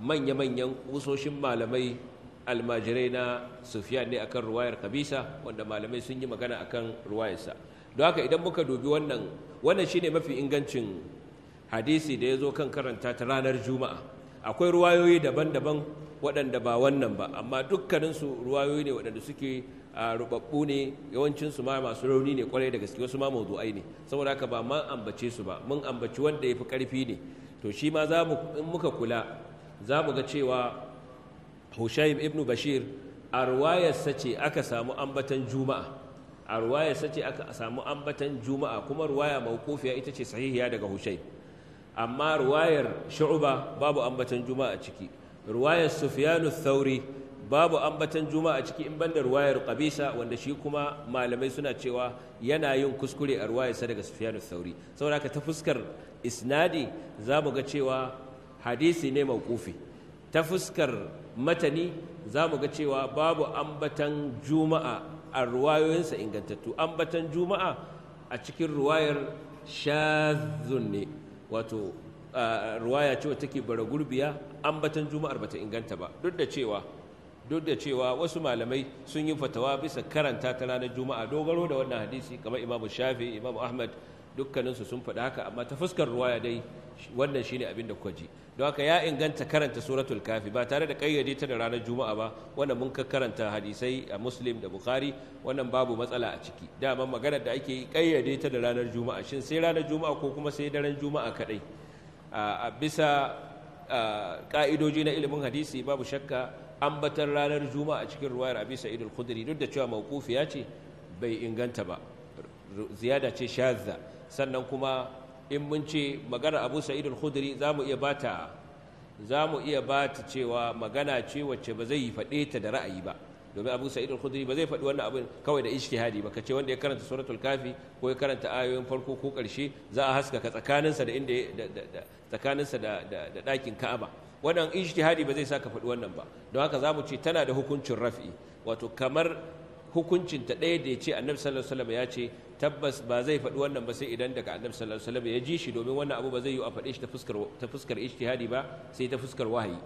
C: manya-manyan ƙusoshin malamai almajirai na sufiyan ne akan ruwayar kabisa wanda malamai sun yi magana akan ruwayarsa don haka idan muka dubi wannan wannan shine mafi ingancin hadisi da ya zo kan karanta ta ranar juma'a akwai ruwayoyi daban-daban waɗanda ba wannan ba amma dukkaninsu ruwayoyi ne waɗanda suke A rubabbu ne yawancin su ma masu rauni ne kwarai da gaske wasu ma mawdu'ai ne saboda haka ba man ambace su ba mun ambaci wanda yafi karfi ne to shi ma za mu in muka kula za mu ga cewa Hushaim ibn Bashir a ruwayarsa ce aka samu ambatan Juma'a aka samu ambatan Juma'a kuma ruwaya mawqufiya ita ce sahihiya daga Hushaim amma ruwayar Shu'ba babu ambatan Juma'a ciki ruwayar Sufyanu Thawri babu ambatan juma'a ciki in banda ruwayar qabisa wanda shi kuma malamai suna cewa yana yin kuskure a ruwayar sa daga sufyan sauri saboda ta fuskar isnadi za mu ga cewa hadisi ne mawqufi ta fuskar matani za mu ga cewa babu ambatan juma'a a ruwayoyinsa ingantattu ambatan juma'a a cikin ruwayar shazun ne wato ruwaya cewa take bara gurbiya ambatan juma'ar bata inganta ba duk da cewa duk da cewa wasu malamai sun yi fatawa bisa karanta ta ranar juma'a dogaro da wannan hadisi kamar imamu shafi imamu ahmad dukkaninsu sun faɗi haka amma ta fuskar ruwaya dai wannan shine abin da kwaji don haka ya inganta karanta suratul kafi ba tare da kayyade ta da ranar juma'a ba wannan mun ka karanta hadisai a muslim da bukhari wannan babu matsala a ciki dama magana da ake kayyade ta da ranar juma'a shin sai ranar juma'a ko kuma sai daren juma'a kadai a bisa ka'idoji na ilimin hadisi babu shakka ambatar ranar juma'a cikin ruwayar abi sa'id al-khudri duk da cewa ya ce bai inganta ba ziyada ce shazza sannan kuma in mun ce magana abu sa'id al-khudri zamu iya bata zamu iya bata cewa magana ce wacce ba zai faɗe ta da ra'ayi ba domin abu sa'id al-khudri ba zai faɗi wannan abin kawai da ijtihadi ba kace wanda ya karanta suratul kafi ko ya karanta ayoyin farko ko ƙarshe za a haskaka tsakaninsa da inda tsakaninsa da da ɗakin ka'aba wannan ijtihadi ba zai saka faɗi wannan ba don haka za mu ce tana da hukuncin raf'i wato kamar hukuncin ta ɗaya da ya ce annabi sallallahu alaihi wasallam ya ce tabbas ba zai faɗi wannan ba sai idan daga annabi sallallahu alaihi wasallam ya ji shi domin wannan abu ba zai yi a faɗe shi ta fuskar ta fuskar ijtihadi ba sai ta fuskar wahayi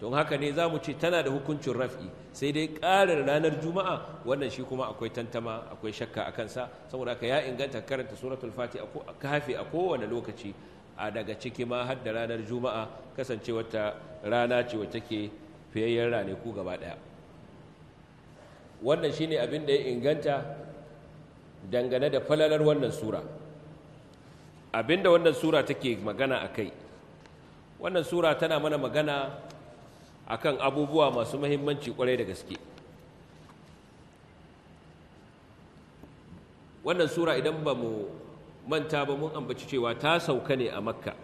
C: don haka ne za mu ce tana da hukuncin raf'i sai dai ƙarar ranar juma'a wannan shi kuma akwai tantama akwai shakka a kansa saboda haka ya inganta karanta suratul fati a kafe a kowane lokaci a daga ciki ma har da ranar juma'a kasance wata rana ce wacce take fiyayyen ranaku gaba ɗaya wannan shine abin da ya inganta dangane da falalar wannan sura abin da wannan sura take magana a kai wannan sura tana mana magana a kan abubuwa masu mahimmanci kwarai da gaske wannan sura idan ba mu manta ba mun ambaci cewa ta sauka ne a makka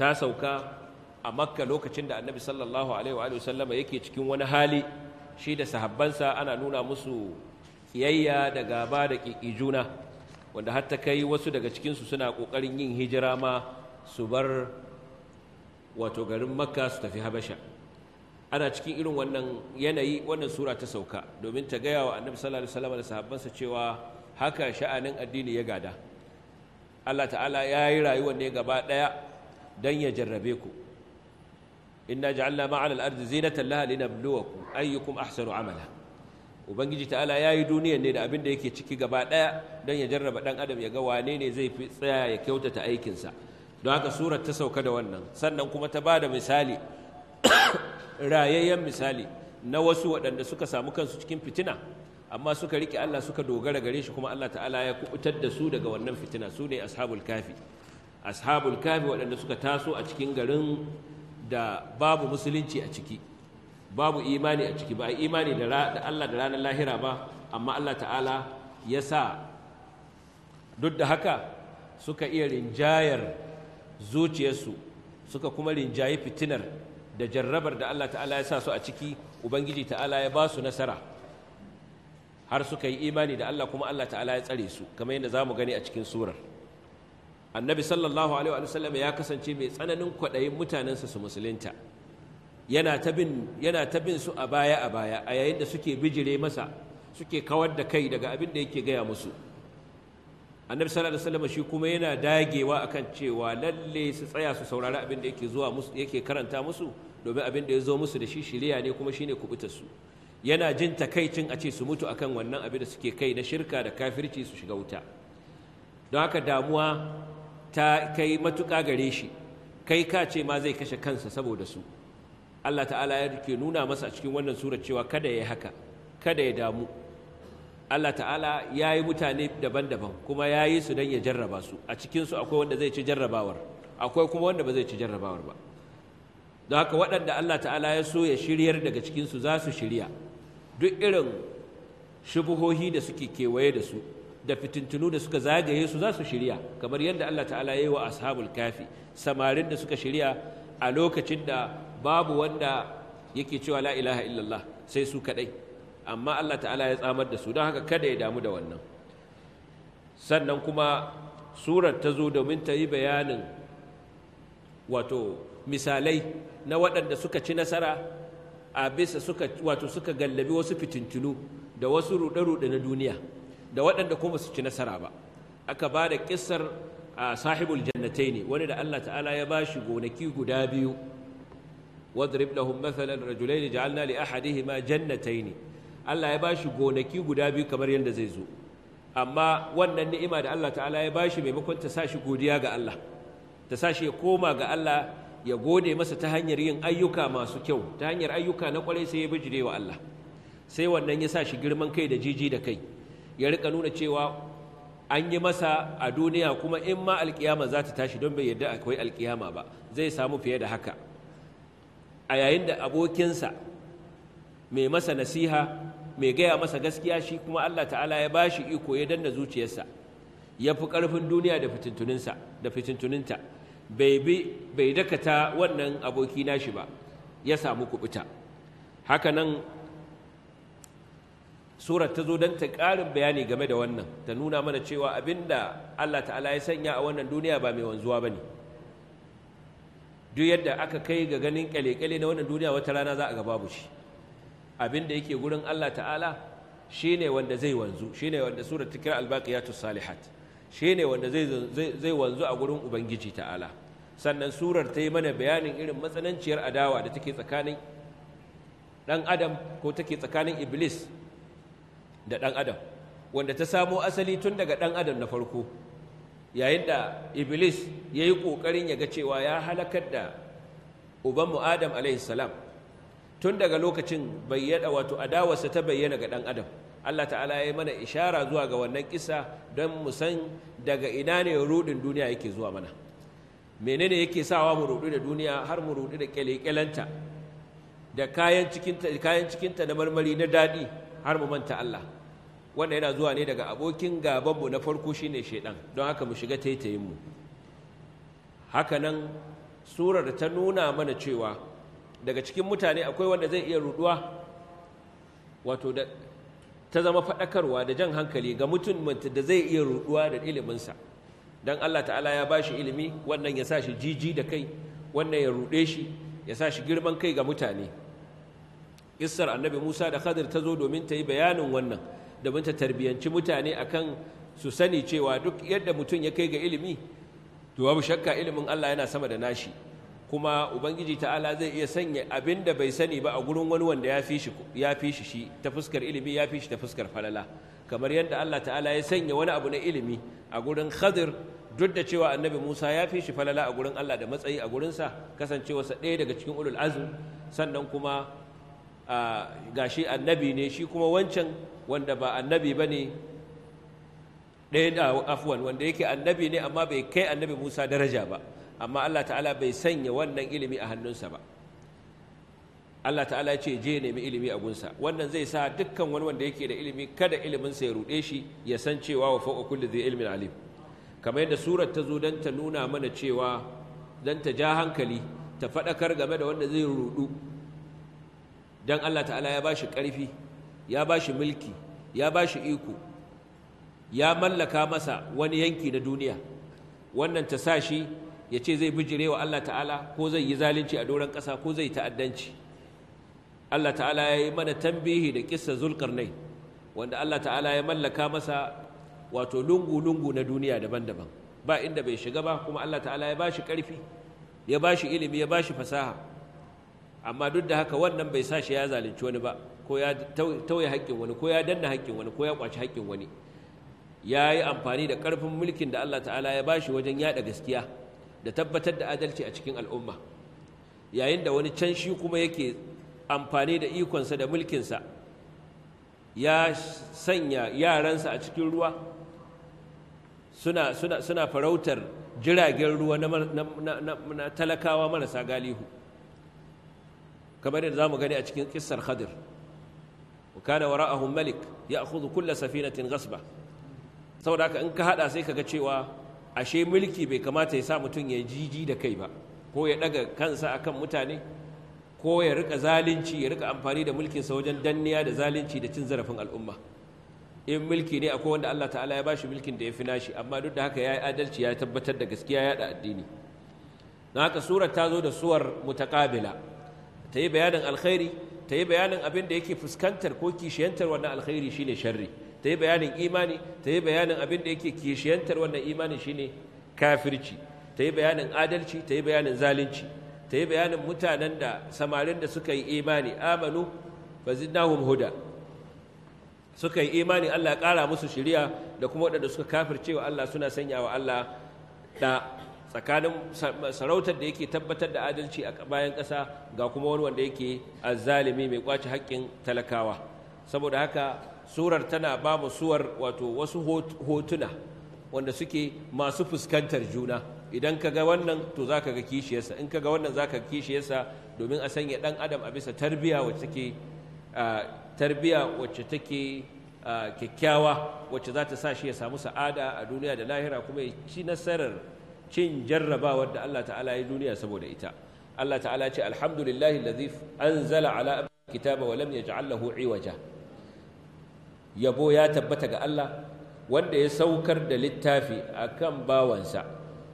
C: ta sauka a makka lokacin da annabi sallallahu alaihi wa sallama yake cikin wani hali shi da sahabbansa ana nuna musu kiyayya da gaba da ƙiƙi juna wanda har ta kai wasu daga cikinsu suna ƙoƙarin yin hijira ma su bar wato garin makka su tafi habasha ana cikin irin wannan yanayi wannan sura ta sauka domin ta gaya wa annabi sallallahu alaihi wa sallama da sahabbansa cewa haka sha'anin addini ya gada Allah ta'ala ya yi rayuwar ne gaba ɗaya don ya jarrabe ku inna ja'alna ma'al al-ardi zinatan laha linabluwakum ayyukum ahsanu amala ubangiji ta'ala ya yi duniyar ne da abin da yake ciki gaba ɗaya don ya jarraba ɗan adam ya ga wane ne zai fi tsaya ya kyautata aikinsa don haka surar ta sauka da wannan sannan kuma ta ba da misali rayayyen misali na wasu waɗanda suka samu kansu cikin fitina amma suka rike Allah suka dogara gare shi kuma Allah ta'ala ya kubutar da su daga wannan fitina su ne ashabul kafi ashabul kafi waɗanda suka taso a cikin garin da babu musulunci a ciki babu imani a ciki ba a imani da Allah da ranar lahira ba amma Allah ta'ala ya sa duk da haka suka iya rinjayar zuciyarsu suka kuma rinjayi fitinar da jarrabar da Allah ta'ala ya sa su a ciki ubangiji ta'ala ya ba su nasara har suka yi imani da Allah kuma Allah ta'ala ya tsare su kamar yadda za mu gani a cikin surar annabi sallallahu alaihi wa sallam ya kasance mai tsananin kwaɗayin mutanensa su musulunta yana ta bin su a baya a baya a yayin da suke bijire masa suke kawar da kai daga abin da yake gaya musu annabi sallallahu alaihi wasallam shi kuma yana dagewa akan cewa lalle su tsaya su saurari abin da yake karanta musu domin abin da ya zo musu da shi shirya ne kuma shine kubutar su yana jin takaicin a ce su mutu akan wannan abin da suke kai na shirka da kafirci su shiga wuta don haka damuwa ta kai matuƙa gare shi kai ka ce ma zai kashe kansa saboda su Allah ta'ala ya ke nuna masa a cikin wannan surar cewa kada ya haka kada ya damu Allah ta'ala ya yi mutane daban-daban kuma ya yi su don ya jarraba su a cikinsu akwai wanda zai ci jarrabawar akwai kuma wanda ba zai ci jarrabawar ba don haka waɗanda Allah ta'ala ya so ya shiryar daga cikinsu za su shirya duk irin shubuhohi da suke kewaye da su da fitintunu da suka zagaye su za su shirya kamar yadda Allah ta'ala ya yi wa ashabul kafi samarin da suka shirya a lokacin da babu wanda yake cewa la ilaha illallah sai su kadai amma Allah ta'ala ya tsamar da su don haka kada ya damu da wannan sannan kuma surar ta zo domin ta yi bayanin wato misalai na waɗanda suka ci nasara a bisa suka wato suka gallabi wasu fitintunu da wasu ruɗe-ruɗe na duniya da waɗanda kuma su ci nasara ba aka ba da ƙisar sahibul jannatai ne wani da Allah ta'ala ya ba shi gonaki guda biyu wadrib lahum mathalan rajulain ja'alna li ahadihima ne. Allah ya ba shi gonaki guda biyu kamar yadda zai zo amma wannan ni'ima da Allah ta'ala ya ba shi maimakon ta sa shi godiya ga Allah ta sa shi ya koma ga Allah ya gode masa ta hanyar yin ayyuka masu kyau ta hanyar ayyuka na kwarai sai ya bijire wa Allah sai wannan ya sa shi girman kai da jiji da kai ya rika nuna cewa an yi masa a duniya kuma in ma alkiyama za ta tashi don bai yarda akwai alkiyama ba zai samu fiye da haka a yayin da abokinsa mai masa nasiha mai gaya masa gaskiya shi kuma Allah ta'ala ya ba shi iko ya danna zuciyarsa ya fi ƙarfin duniya da fitintuninsa da fitintuninta bai dakata wannan aboki nashi ba ya samu kubuta haka nan surar ta zo don ta ƙarin bayani game da wannan ta nuna mana cewa abinda Allah ta'ala ya sanya a wannan duniya ba mai wanzuwa ba ne duk yadda aka kai ga ganin kyale na wannan duniya wata rana za a ga babu shi abinda yake gurin Allah ta'ala shi ne wanda zai wanzu shi ne wanda surar ta kira albaƙiyatus salihat Shi ne wanda zai wanzu a gurin ubangiji ta'ala sannan surar ta yi mana bayanin irin matsananciyar adawa da take tsakanin ɗan adam ko take tsakanin iblis da ɗan adam wanda ta samo asali tun daga ɗan adam na farko yayin da iblis ya yi ƙoƙarin ya ga cewa ya halakar da ubanmu adam a.s. tun daga lokacin bayyana wato adawarsa ta bayyana ga ɗan adam Allah ta'ala ya yi mana ishara zuwa ga wannan kisa don mu san daga ina ne rudin duniya yake zuwa mana menene yake sawa mu rudu da duniya har mu rudu da kyalekyalanta da kayan cikinta kayan cikinta na marmari na daɗi har mu manta Allah wanda yana zuwa ne daga abokin gabanmu na farko shine shaidan don haka mu shiga taitayin mu haka nan surar ta nuna mana cewa daga cikin mutane akwai wanda zai iya ruduwa wato ta zama faɗakarwa da jan hankali ga mutum da zai iya ruɗuwa da iliminsa don Allah ta'ala ya ba shi ilimi wannan ya sa shi jiji da kai wannan ya ruɗe shi ya sa shi girman kai ga mutane Isar annabi musa da khadir ta zo domin ta yi bayanin wannan domin ta tarbiyyanci mutane akan su sani cewa duk yadda mutum ya kai ga ilimi to babu shakka ilimin Allah yana sama da nashi kuma ubangiji ta'ala zai iya sanya abin da bai sani ba a gurin wani wanda ya fi shi shi ta fuskar ilimi ya fi shi ta fuskar falala kamar yadda Allah ta'ala ya sanya wani abu na ilimi a gurin khadir duk da cewa annabi musa ya fi shi falala a gurin allah da matsayi a kasancewa kasancewarsa ɗaya daga cikin ulul azum sannan kuma gashi annabi ne shi kuma wancan wanda ba annabi ba ne ɗaya da afuwan wanda yake annabi ne amma bai kai annabi musa daraja ba amma Allah ta'ala bai sanya wannan ilimi a hannunsa ba Allah ta'ala ce je nemi ilimi a gunsa wannan zai sa dukkan wani wanda yake da ilimi kada iliminsa ya ruɗe shi ya san cewa wa fawqa kulli dhi ilmin alim kamar yadda surar ta zo dan ta nuna mana cewa don ta ja hankali ta faɗakar game da wanda zai ruɗu dan Allah ta'ala ya bashi karfi ya bashi mulki ya bashi iko ya mallaka masa wani yanki na duniya wannan ta sa shi ya ce zai bijire wa Allah ta'ala ko zai yi zalunci a doron ƙasa ko zai ta'addanci Allah ta'ala ya yi mana tambihi da zulkar zulkarnai wanda Allah ta'ala ya mallaka masa wato lungu-lungu na duniya daban-daban ba inda bai shiga ba kuma Allah ta'ala ya ba shi ƙarfi ya ba shi ilimi ya ba shi fasaha amma duk da haka wannan bai sa shi ya zalunci wani ba ko ya tauye haƙƙin wani ko ya danna haƙƙin wani ko ya ƙwaci haƙƙin wani ya yi amfani da ƙarfin mulkin da Allah ta'ala ya ba shi wajen yaɗa gaskiya da tabbatar da adalci a cikin al'umma yayin da wani can shi kuma yake amfani da ikonsa da mulkinsa ya sanya yaransa a cikin ruwa suna, suna, suna farautar jiragen ruwa na, na, na, na talakawa marasa galihu kamar yadda za mu gani a cikin ƙissar khadir وكان وراءهم ملك ياخذ كل سفينه غصبا saboda haka in ka hada sai ga cewa ashe mulki bai kamata ya sa mutum ya jiji da kai ba ko ya daga kansa akan mutane ko ya rika zalunci ya rika amfani da mulkinsa wajen danniya da zalunci da cin zarafin al'umma in mulki ne akwai wanda Allah ta'ala ya bashi mulkin da ya fi nashi amma duk da haka ya yi adalci ya tabbatar da gaskiya ya da addini na haka surar ta zo da suwar mutaƙabila ta yi bayanin alkhairi ta yi bayanin abin da yake fuskantar ko kishiyantar wannan alkhairi shine sharri ta yi bayanin imani ta yi bayanin abin da yake kishiyantar wannan imani shine kafirci ta yi bayanin adalci ta yi bayanin zalunci ta yi bayanin mutanen da samarin da suka yi imani amanu fa zidnahum huda suka yi imani Allah kara musu shiriya da kuma waɗanda suka wa Allah suna sanya wa Allah da tsakanin sarautar da yake tabbatar da adalci a bayan ƙasa ga kuma wani wanda yake azzalimi mai kwace haƙƙin talakawa saboda haka surar tana ba mu suwar wato wasu hotuna wanda suke masu fuskantar juna idan ka ga wannan to za ka ga kishiyarsa in ka ga wannan za ka ga kishiyarsa domin a sanya dan adam a bisa tarbiya wacce take tarbiya wacce take kyakkyawa wacce za ta sa shi ya samu sa'ada a duniya da lahira kuma ya ci nasarar cin jarrabawar da Allah ta'ala ya duniya saboda ita Allah ta'ala ce alhamdulillahi allazi anzala ala kitaba wa lam yaj'al lahu iwaja yabo ya tabbata ga Allah wanda ya saukar da littafi a kan bawansa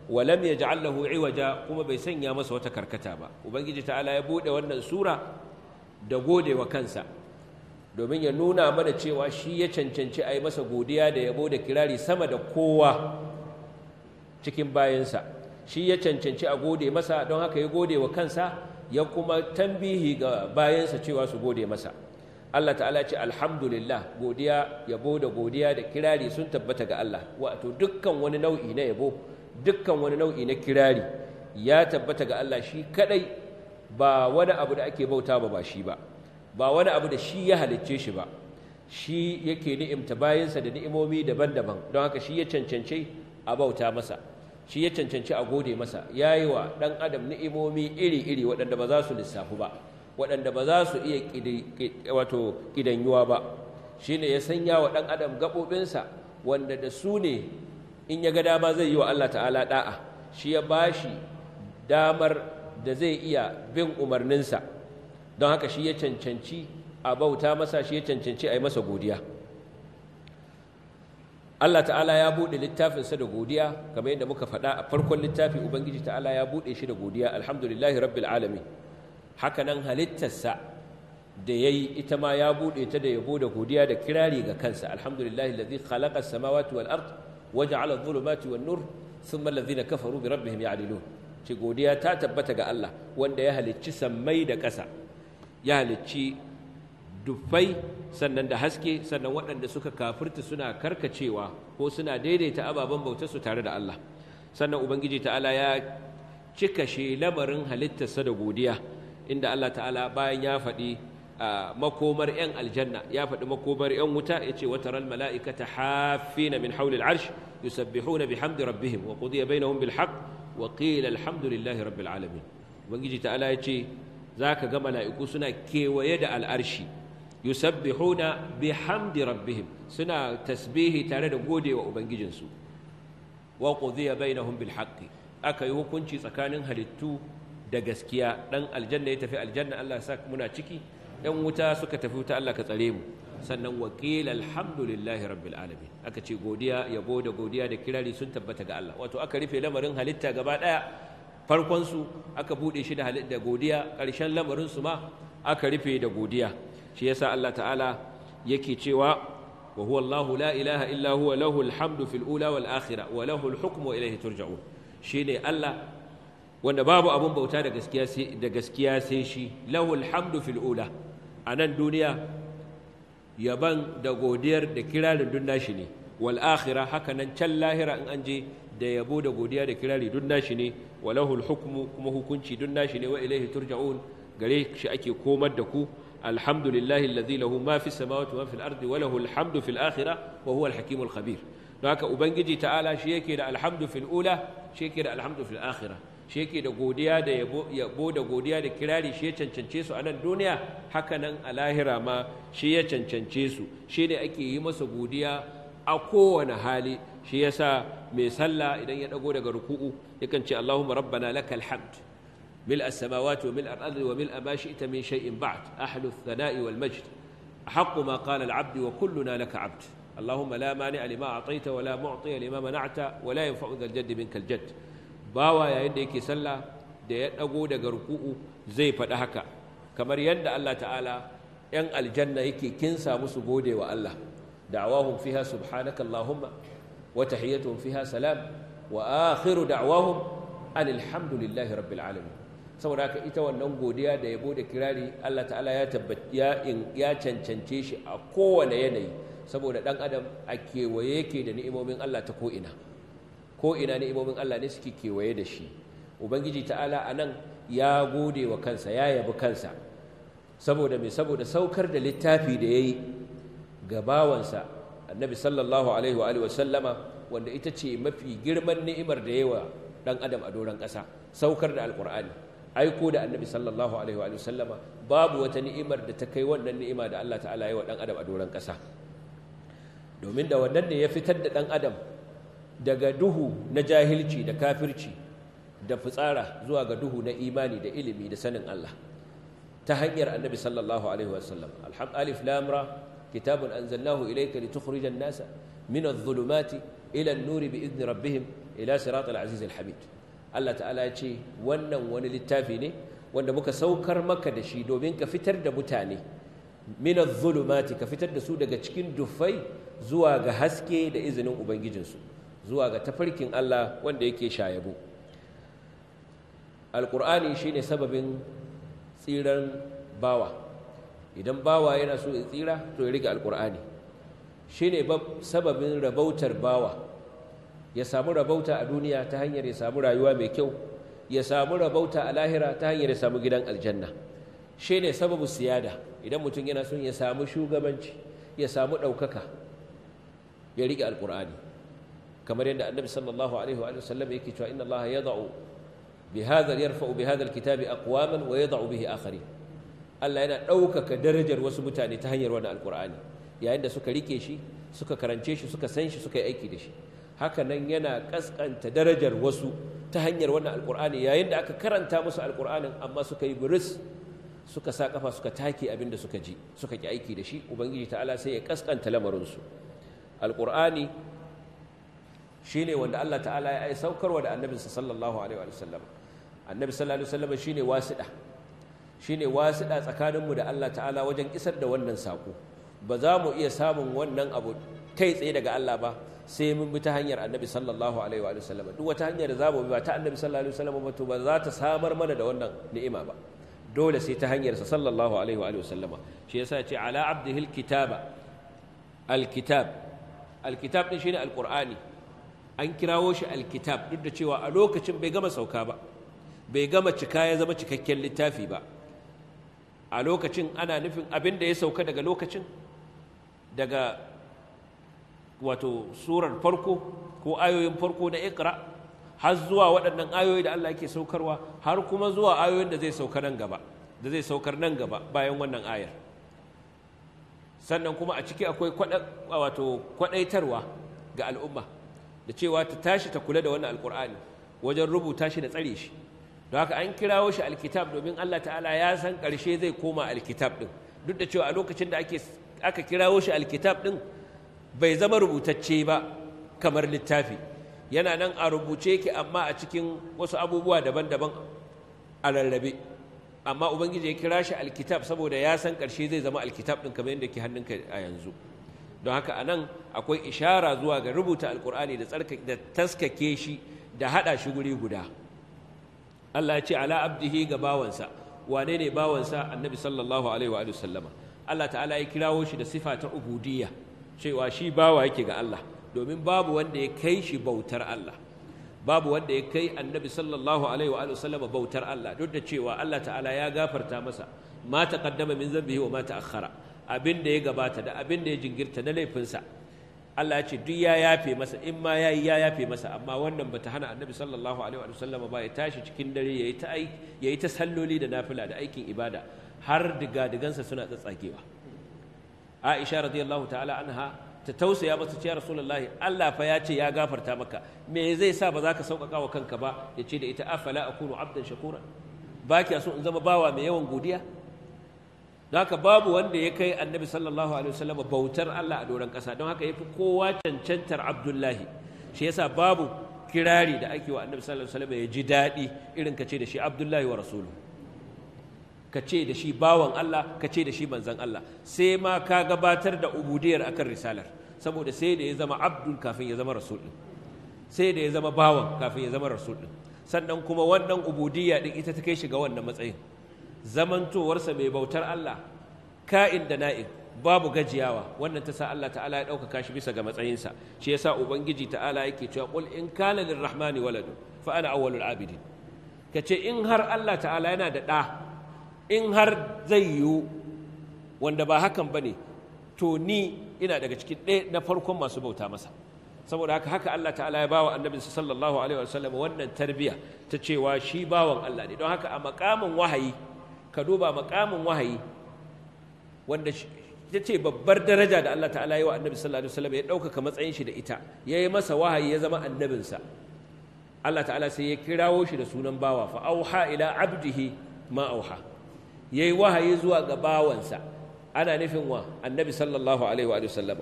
C: walam ji allahu iwaja kuma bai sanya masa wata karkata ba ubangiji ta'ala ya buɗe wannan sura da gode wa kansa domin ya nuna mana cewa shi ya cancanci a yi masa godiya da yabo da kirari sama da kowa cikin bayansa shi ya cancanci a gode masa don haka ya gode wa kansa ya kuma tambihi ga bayansa cewa su gode masa Allah ta'ala ce alhamdulillah godiya yabo da godiya da kirari sun tabbata ga Allah wato dukkan wani nau'i na yabo dukkan wani nau'i na kirari ya tabbata ga Allah shi kadai ba wani abu da ake bauta ba ba shi ba ba wani abu da shi ya halicce shi ba shi yake ni'imta bayansa da ni'imomi daban-daban don haka shi ya cancanci a bauta masa shi ya cancanci a gode masa yayi wa dan adam ni'imomi iri-iri waɗanda ba za su lissafu ba waɗanda ba za su iya wato ƙidanyuwa ba shi ne ya sanya wa ɗan adam gaɓoɓinsa wanda da su ne in ya ga dama zai yi wa Allah ta'ala ɗa'a shi ya ba shi damar da zai iya bin umarninsa don haka shi ya cancanci a bauta masa shi ya cancanci a yi masa godiya Allah ta'ala ya buɗe littafinsa da godiya kamar yadda muka faɗa a farkon littafi ubangiji ta'ala ya buɗe shi da godiya alhamdulillahi rabbil alamin hakanan halittarsa da ya yi ita ma ya buɗe ta da yabo da godiya da kirari ga kansa alhamdulillah alladhi khalaqa as-samawati wal ard wa ja'ala adh-dhulumati wan nur thumma alladhina kafaru bi rabbihim ya'dilun ce godiya ta tabbata ga Allah wanda ya halicci sammai da ƙasa ya halicci dufai sannan da haske sannan waɗanda suka kafirta suna karkacewa ko suna daidaita ababen bautarsu tare da Allah sannan ubangiji ta'ala ya cika shi lamarin halittarsa da godiya inda Allah ta'ala bayan ya faɗi makomar 'yan aljanna ya faɗi makomar 'yan wuta ya ce wata ran mala'ikata na min haulil arsh yusabbihuna bihamdi rabbihim wa qudiya bainahum bil haqq wa qila alhamdulillahi rabbil alamin ubangiji ta'ala ya ce zaka ga mala'iku suna kewaye da al'arshi yusabbihuna hamdi rabbihim suna tasbihi tare da godewa ubangijinsu wa qudiya bainahum bil haqq aka yi hukunci tsakanin halittu da gaskiya dan aljanna ya tafi aljanna Allah ya sa muna ciki yan wuta suka tafi wuta Allah ka tsare mu sannan wakil alhamdulillahi rabbil alamin aka ce godiya yabo da godiya da kirari sun tabbata ga Allah wato aka rufe lamarin halitta gaba daya farkon su aka bude shi da da godiya karshen lamarin su ma aka rufe da godiya shi yasa Allah ta'ala yake cewa wa huwa la ilaha illa huwa lahul hamdu fil ula wal akhirah wa lahul hukmu ilayhi turja'un shine Allah wanda babu abun bauta da gaskiya sai shi lahul hamdu fil ula anan duniya yaban da godiyar da kirarin dun nashi ne wal akhira haka nan can lahira in an je da yabo da godiya da kirari dun nashi ne wa lahul hukmu kuma hukunci dun nashi ne wa ilaihi turja'un gare shi ake komar da ku alhamdulillahi alladhi lahu ma fi samawati wa fil ardi wa lahul hamdu fil wa huwa don haka ubangiji ta'ala shi yake da alhamdu fil ula shi yake da alhamdu fil shi yake da godiya da yabo da godiya da kirari shi ya cancance su a nan duniya haka nan a lahira ma shi ya cancance su shi ne ake yi masa godiya a kowane hali shi yasa mai sallah idan ya dago daga ruku'u yakan ce Allahumma rabbana lakal hamd mil as-samawati wa mil al-ardi wa mil ma shi'ta min shay'in ba'd ahlu thanai wal majd haqqu ma qala al-'abd wa kulluna laka 'abd اللهم لا مانع لما أعطيت ولا معطي لما منعت ولا ينفع ذا الجد منك الجد bawa yayin da yake sallah da ya ɗago daga ruku'u zai faɗi haka kamar yadda Allah ta'ala ‘yan aljanna yake kinsa musu gode wa Allah da'awahum fiha subhanaka Allahumma wa tahiyyatuhum fiha salam wa akhiru da'awahum alhamdulillahi rabbil alamin saboda haka ita wannan godiya da yabo da kirari Allah ta'ala ya ya cancance shi a kowane yanayi saboda ɗan adam a kewaye yake da ni'imomin Allah ta ko'ina ko ina ni'imomin Allah ne suke kewaye da shi ubangiji ta'ala a nan ya gode wa kansa ya yabi kansa saboda mai saboda saukar da littafi da ya yi ga bawansa annabi sallallahu alaihi wa alihi sallama wanda ita ce mafi girman ni'imar da yawa dan adam a doron ƙasa saukar da Alƙur'ani. aiko da annabi sallallahu alaihi wa alihi sallama babu wata ni'imar da ta kai wannan ni'ima da Allah ta'ala ya wa dan adam a doron ƙasa domin da wannan ne ya fitar da dan adam daga duhu na jahilci da kafirci da fitsara zuwa ga duhu na imani da ilimi da sanin Allah ta hanyar annabi sallallahu alaihi wasallam alham alif lamra kitabun anzalnahu ilayka litukhrija an-nasa min adh-dhulumati ila an-nuri bi idni rabbihim ila siratal aziz al-hamid Allah ta'ala ya ce wannan wani littafi ne wanda muka saukar maka da shi domin ka fitar da mutane min adh-dhulumati ka fitar da su daga cikin dufai zuwa ga haske da izinin ubangijinsu zuwa ga tafarkin Allah wanda yake shayabu alƙur'ani shine sababin tsiran bawa idan bawa yana so ya tsira to ya rike alƙur'ani shine sababin rabautar bawa ya samu rabauta a duniya ta hanyar ya samu rayuwa mai kyau ya samu rabauta a lahira ta hanyar ya samu gidan aljanna shine sababu siyada idan mutum yana son ya samu shugabanci ya samu ɗaukaka ya rike alƙur'ani kamar yadda annabi sallallahu alaihi wa sallam yake cewa inna allaha yad'u bi hadha yarfa'u bi hadha alkitabi aqwaman wa yad'u bihi akharin Allah yana ɗaukaka darajar wasu mutane ta hanyar wannan alqur'ani yayin da suka rike shi suka karance shi suka san shi suka yi aiki da shi haka nan yana kaskanta darajar wasu ta hanyar wannan alqur'ani yayin da aka karanta musu alqur'anin amma suka yi buris suka sa kafa suka take abin da suka ji suka ki aiki da shi ubangiji ta'ala sai ya kaskanta su alqur'ani shine wanda Allah ta'ala ya yi saukarwa da annabinsa sallallahu alaihi wa sallam annabi sallallahu alaihi wa sallam shine wasiɗa shine wasiɗa tsakaninmu da Allah ta'ala wajen isar da wannan sako ba za mu iya samun wannan abu kai tsaye daga Allah ba sai mun bi ta hanyar annabi sallallahu alaihi wa sallam duk wata hanyar da za mu bi ba ta annabi sallallahu alaihi wa sallam ba to ba za ta samar mana da wannan ni'ima ba dole sai ta hanyarsa sallallahu alaihi wa sallama shi yasa ce ala abdihil kitaba alkitab alkitab din shine alqur'ani an kirawo shi alkitab duk da cewa a lokacin bai gama sauka ba bai gama cika ya zama cikakken littafi ba a lokacin ana nufin abin da ya sauka daga lokacin daga wato surar farko ko ayoyin farko na ikra har zuwa waɗannan ayoyi da Allah yake saukarwa har kuma zuwa ayoyin da zai sauka nan gaba da zai saukar nan gaba bayan wannan ayar sannan kuma a ciki akwai wato kwaɗaitarwa ga al'umma da cewa ta tashi ta kula da wannan alkur'ani wajen rubuta shi da tsare shi don haka an kirawo shi alkitab domin Allah ta'ala ya san ƙarshe zai koma alkitab ɗin duk da cewa a lokacin da aka kirawo shi alkitab ɗin bai zama rubutacce ba kamar littafi yana nan a rubuce yake amma a cikin wasu abubuwa daban-daban a rarrabe amma ubangiji ya kira shi alkitab saboda ya san ƙarshe zai zama alkitab ɗin kamar yadda ke hannunka a yanzu don haka anan akwai ishara zuwa ga rubuta alkur'ani da da taskake shi da haɗa shi guri guda Allah ya ce ala abdihi ga bawansa wane ne bawansa annabi sallallahu alaihi wa sallama Allah ta'ala ya kirawo shi da sifa ta ubudiyya cewa shi bawa yake ga Allah domin babu wanda ya kai shi bautar Allah babu wanda ya kai annabi sallallahu alaihi wa sallama bautar Allah duk da cewa Allah ta'ala ya gafarta masa ma taqaddama min zambihi wa ma ta'akhkhara abin da ya gabata da abin da ya jingirta na laifinsa Allah ya ce duk ya yafe masa in ma yayi ya yafe masa amma wannan bata hana annabi sallallahu alaihi wa sallam ba ya tashi cikin dare yayi ta yayi ta salloli da nafila da aikin ibada har diga digansa suna tsatsagewa Aisha radiyallahu ta'ala anha ta tausaya masa ce ya rasulullahi Allah fa ya ce ya gafarta maka me zai sa ba za ka sauƙaƙa wa kanka ba ya ce da ita afala akunu abdan shakura ba kya so in zama bawa mai yawan godiya don haka babu wanda ya kai annabi sallallahu alaihi wasallam bautar Allah a doron kasa don haka ya fi kowa cancantar Abdullahi shi yasa babu kirari da ake wa annabi sallallahu alaihi wasallam ya ji daɗi irin kace da shi Abdullahi wa rasulu kace da shi bawan Allah kace da shi manzan Allah sai ma ka gabatar da ubudiyar akan risalar saboda sai da ya zama abdul kafin ya zama rasul din sai da ya zama bawan kafin ya zama rasul din sannan kuma wannan ubudiyya din ita ta kai shi ga wannan matsayin zamantowarsa mai bautar Allah ka'in da na'in babu gajiyawa wannan ta sa Allah ta'ala ya ɗaukaka shi bisa ga matsayinsa shi yasa ubangiji ta'ala yake cewa qul in kana lirrahmani waladu fa ana awwalul abidin kace in har Allah ta'ala yana da ɗa in har zai yiwu wanda ba hakan ne to ni ina daga cikin ɗaya na farkon masu bauta masa saboda haka haka Allah ta'ala ya bawa Annabi sallallahu alaihi wasallam wannan tarbiya ta cewa shi bawan Allah ne don haka a makamin wahayi ka duba makamin wahayi wanda ita ce babbar daraja da Allah ta'ala yi wa annabi sallallahu alaihi wasallam ya ɗaukaka matsayin shi da ita ya yi masa wahayi ya zama annabinsa Allah ta'ala sai ya kirawo shi da sunan bawa fa auha ila abdihi ma auha ya yi wahayi zuwa ga bawansa ana nufin wa annabi sallallahu alaihi wa sallam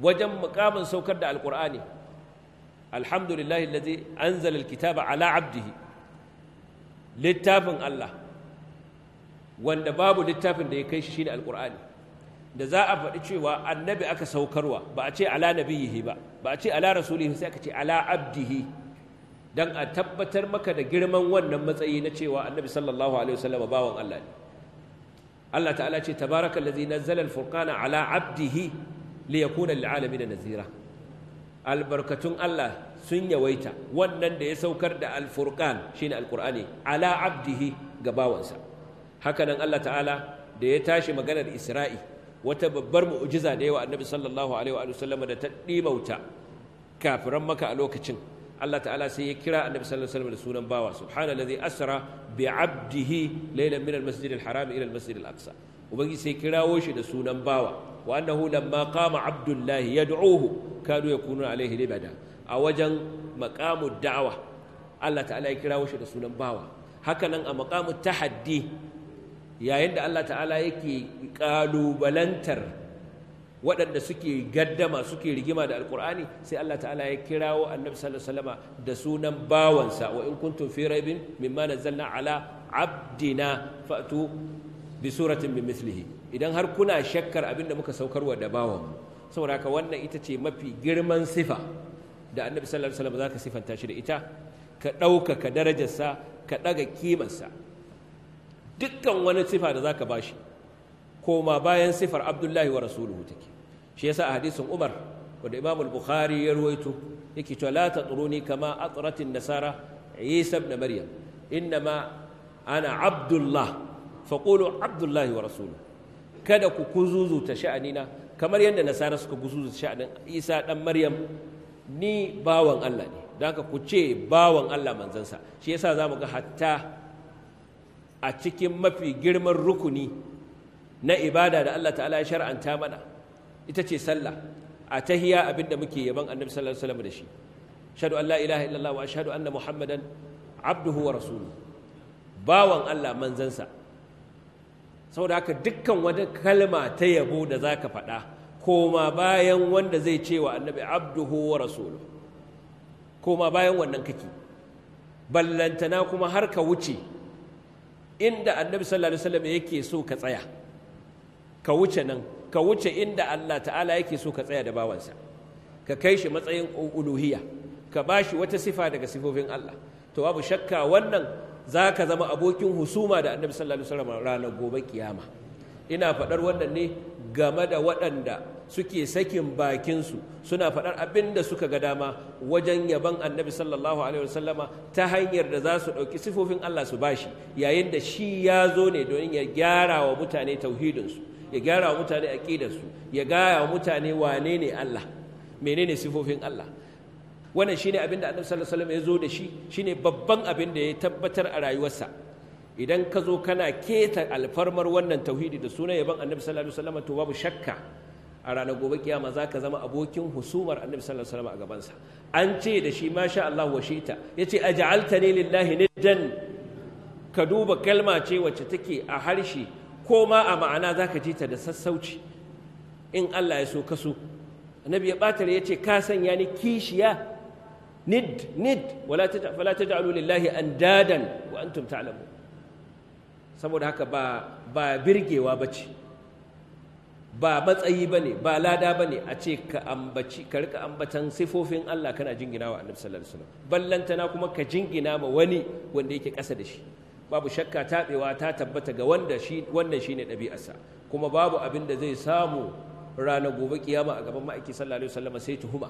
C: wajen mukamin saukar da alqur'ani alhamdulillahi allazi anzala alkitaba ala abdihi littafin Allah wanda babu littafin da ya kai shi shine alqur'ani da za a faɗi cewa annabi aka saukarwa ba a ce ala nabiyihi ba ba a ce ala rasulihi sai aka ce ala abdihi dan a tabbatar maka da girman wannan matsayi na cewa annabi sallallahu alaihi wasallam bawan Allah ne Allah ta'ala ce tabarakallazi nazzala alfurqana ala abdihi liyakuna lilalamin nazira albarkatun Allah sun yawaita wannan da ya saukar da alfurqan shine alqur'ani ala abdihi ga bawansa hakanan Allah ta'ala da ya tashi maganar Isra'i wata babbar mu'ujiza da yawa annabi sallallahu alaihi wa sallam da ta ɗibauta kafiran maka a lokacin Allah ta'ala sai ya kira annabi sallallahu alaihi wa sallam da sunan bawa subhanallazi asra bi 'abdihi laylan min al-masjid al-haram ila al-masjid al-aqsa ubangi sai kirawo shi da sunan bawa wa annahu lamma qama abdullahi yad'uhu kadu yakununa alaihi libada a wajen maqamud da'wa Allah ta'ala ya kirawo shi da sunan bawa haka nan a maqamut tahaddi yayin da Allah ta'ala yake ƙalubalantar waɗanda suke gaddama suke rigima da alƙur'ani sai Allah ta'ala ya kirawo annabi sallallahu alaihi wasallama da sunan bawansa wa in kuntum fi raibin mimma nazzalna ala abdina fa'tu bi suratin min mithlihi idan har kuna shakkar abinda muka saukarwa da bawan saboda haka wannan ita ce mafi girman sifa da annabi sallallahu alaihi wasallam zaka sifanta shi da ita ka ɗaukaka darajarsa ka ɗaga kimarsa dukkan wani sifa da zaka bashi koma bayan sifar abdullahi wa rasuluhu take shi yasa a hadisin umar wanda imam al-bukhari ya ruwaito yake cewa la tatruni kama atratin nasara isa ibn maryam innama ana abdullah faqulu abdullahi wa rasuluhu kada ku ta sha'anina kamar yadda nasara suka ta sha'anin isa dan maryam ni bawan Allah ne don ku ce bawan Allah manzansa shi yasa za mu ga hatta a cikin mafi girman rukuni na ibada da Allah ta'ala ya shar'anta mana ita ce sallah a tahiya abinda muke yaban annabi sallallahu alaihi wasallam da shi ashhadu an la ilaha illallah wa ashhadu anna muhammadan abduhu wa rasuluhu bawan Allah manzansa saboda haka dukkan wata kalma ta yabo da zaka faɗa koma bayan wanda zai ce wa annabi abduhu wa rasuluhu koma bayan wannan kake ballantana kuma har ka wuce inda annabi sallallahu alaihi wasallam yake so ka tsaya ka wuce nan ka wuce inda Allah ta'ala yake so ka tsaya da bawansa ka kai shi matsayin uluhiyya ka ba shi wata sifa daga sifofin Allah to babu shakka wannan za ka zama abokin husuma da annabi sallallahu alaihi wasallam ranar gobe kiyama ina faɗar wannan ne game da waɗanda suke sakin bakinsu suna faɗar abin da suka ga dama wajen yaban annabi sallallahu alaihi wasallama ta hanyar da za su ɗauki sifofin Allah su bashi yayin da shi ya zo ne don ya gyara wa mutane tauhidinsu ya gyara wa mutane aƙidarsu ya gaya wa mutane wane ne Allah menene sifofin Allah wannan shine abin da annabi sallallahu alaihi wasallam ya zo da shi shine babban abin da ya tabbatar a rayuwarsa idan ka zo kana keta alfarmar wannan tauhidi da sunan yaban annabi sallallahu alaihi wasallam to babu shakka a ranar gobe kiyama za ka zama abokin husumar annabi sallallahu alaihi wasallam a gabansa an ce da shi masha Allah wa shita yace aj'altani lillahi niddan ka duba kalma ce wacce take a harshe ko ma a ma'ana za ka ji ta da sassauci in Allah ya so ka so annabi ya batar ya ce ka sanya ni kishiya nid nid wala taj'alu lillahi andadan wa antum ta'lamun saboda haka ba ba birgewa bace ba matsayi ba ne ba lada ba ne a ce ka ambaci ka rika ambatan sifofin Allah kana jingina wa annabi sallallahu alaihi wasallam ballantana kuma ka jingina ma wani wanda yake ƙasa da shi babu shakka taɓewa ta tabbata ga wanda shi wannan shine ɗabi'arsa kuma babu abin da zai samu ranar gobe kiyama a gaban ma'aiki sallallahu alaihi wasallam sai tuhuma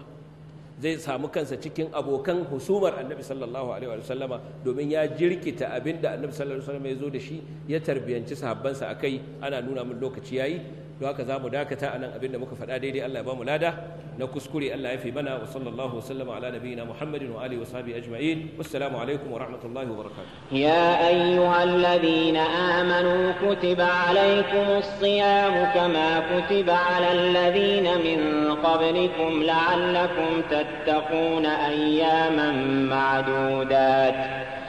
C: zai samu kansa cikin abokan husumar annabi sallallahu alaihi wasallama domin ya jirkita abin da annabi sallallahu alaihi wasallama ya zo da shi ya tarbiyanci sahabbansa akai ana nuna min lokaci yayi don haka za mu dakata a nan abinda muka faɗa daidai Allah ya ba mu lada na kuskure Allah ya fi mana wa sallallahu wasallama ala nabiyina Muhammadin wa alihi wa sahbihi ajma'in wassalamu
A: alaikum wa rahmatullahi wa barakatuh ya ayyuhalladhina amanu kutiba alaykumus siyam kama kutiba alal ladhina min qablikum la'allakum tattaquna ayyaman ma'dudat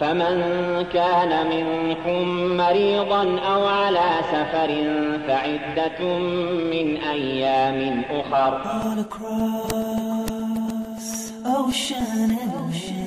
A: فمن كان منكم مريضا أو على سفر فعدة من أيام أخر
B: All across ocean and ocean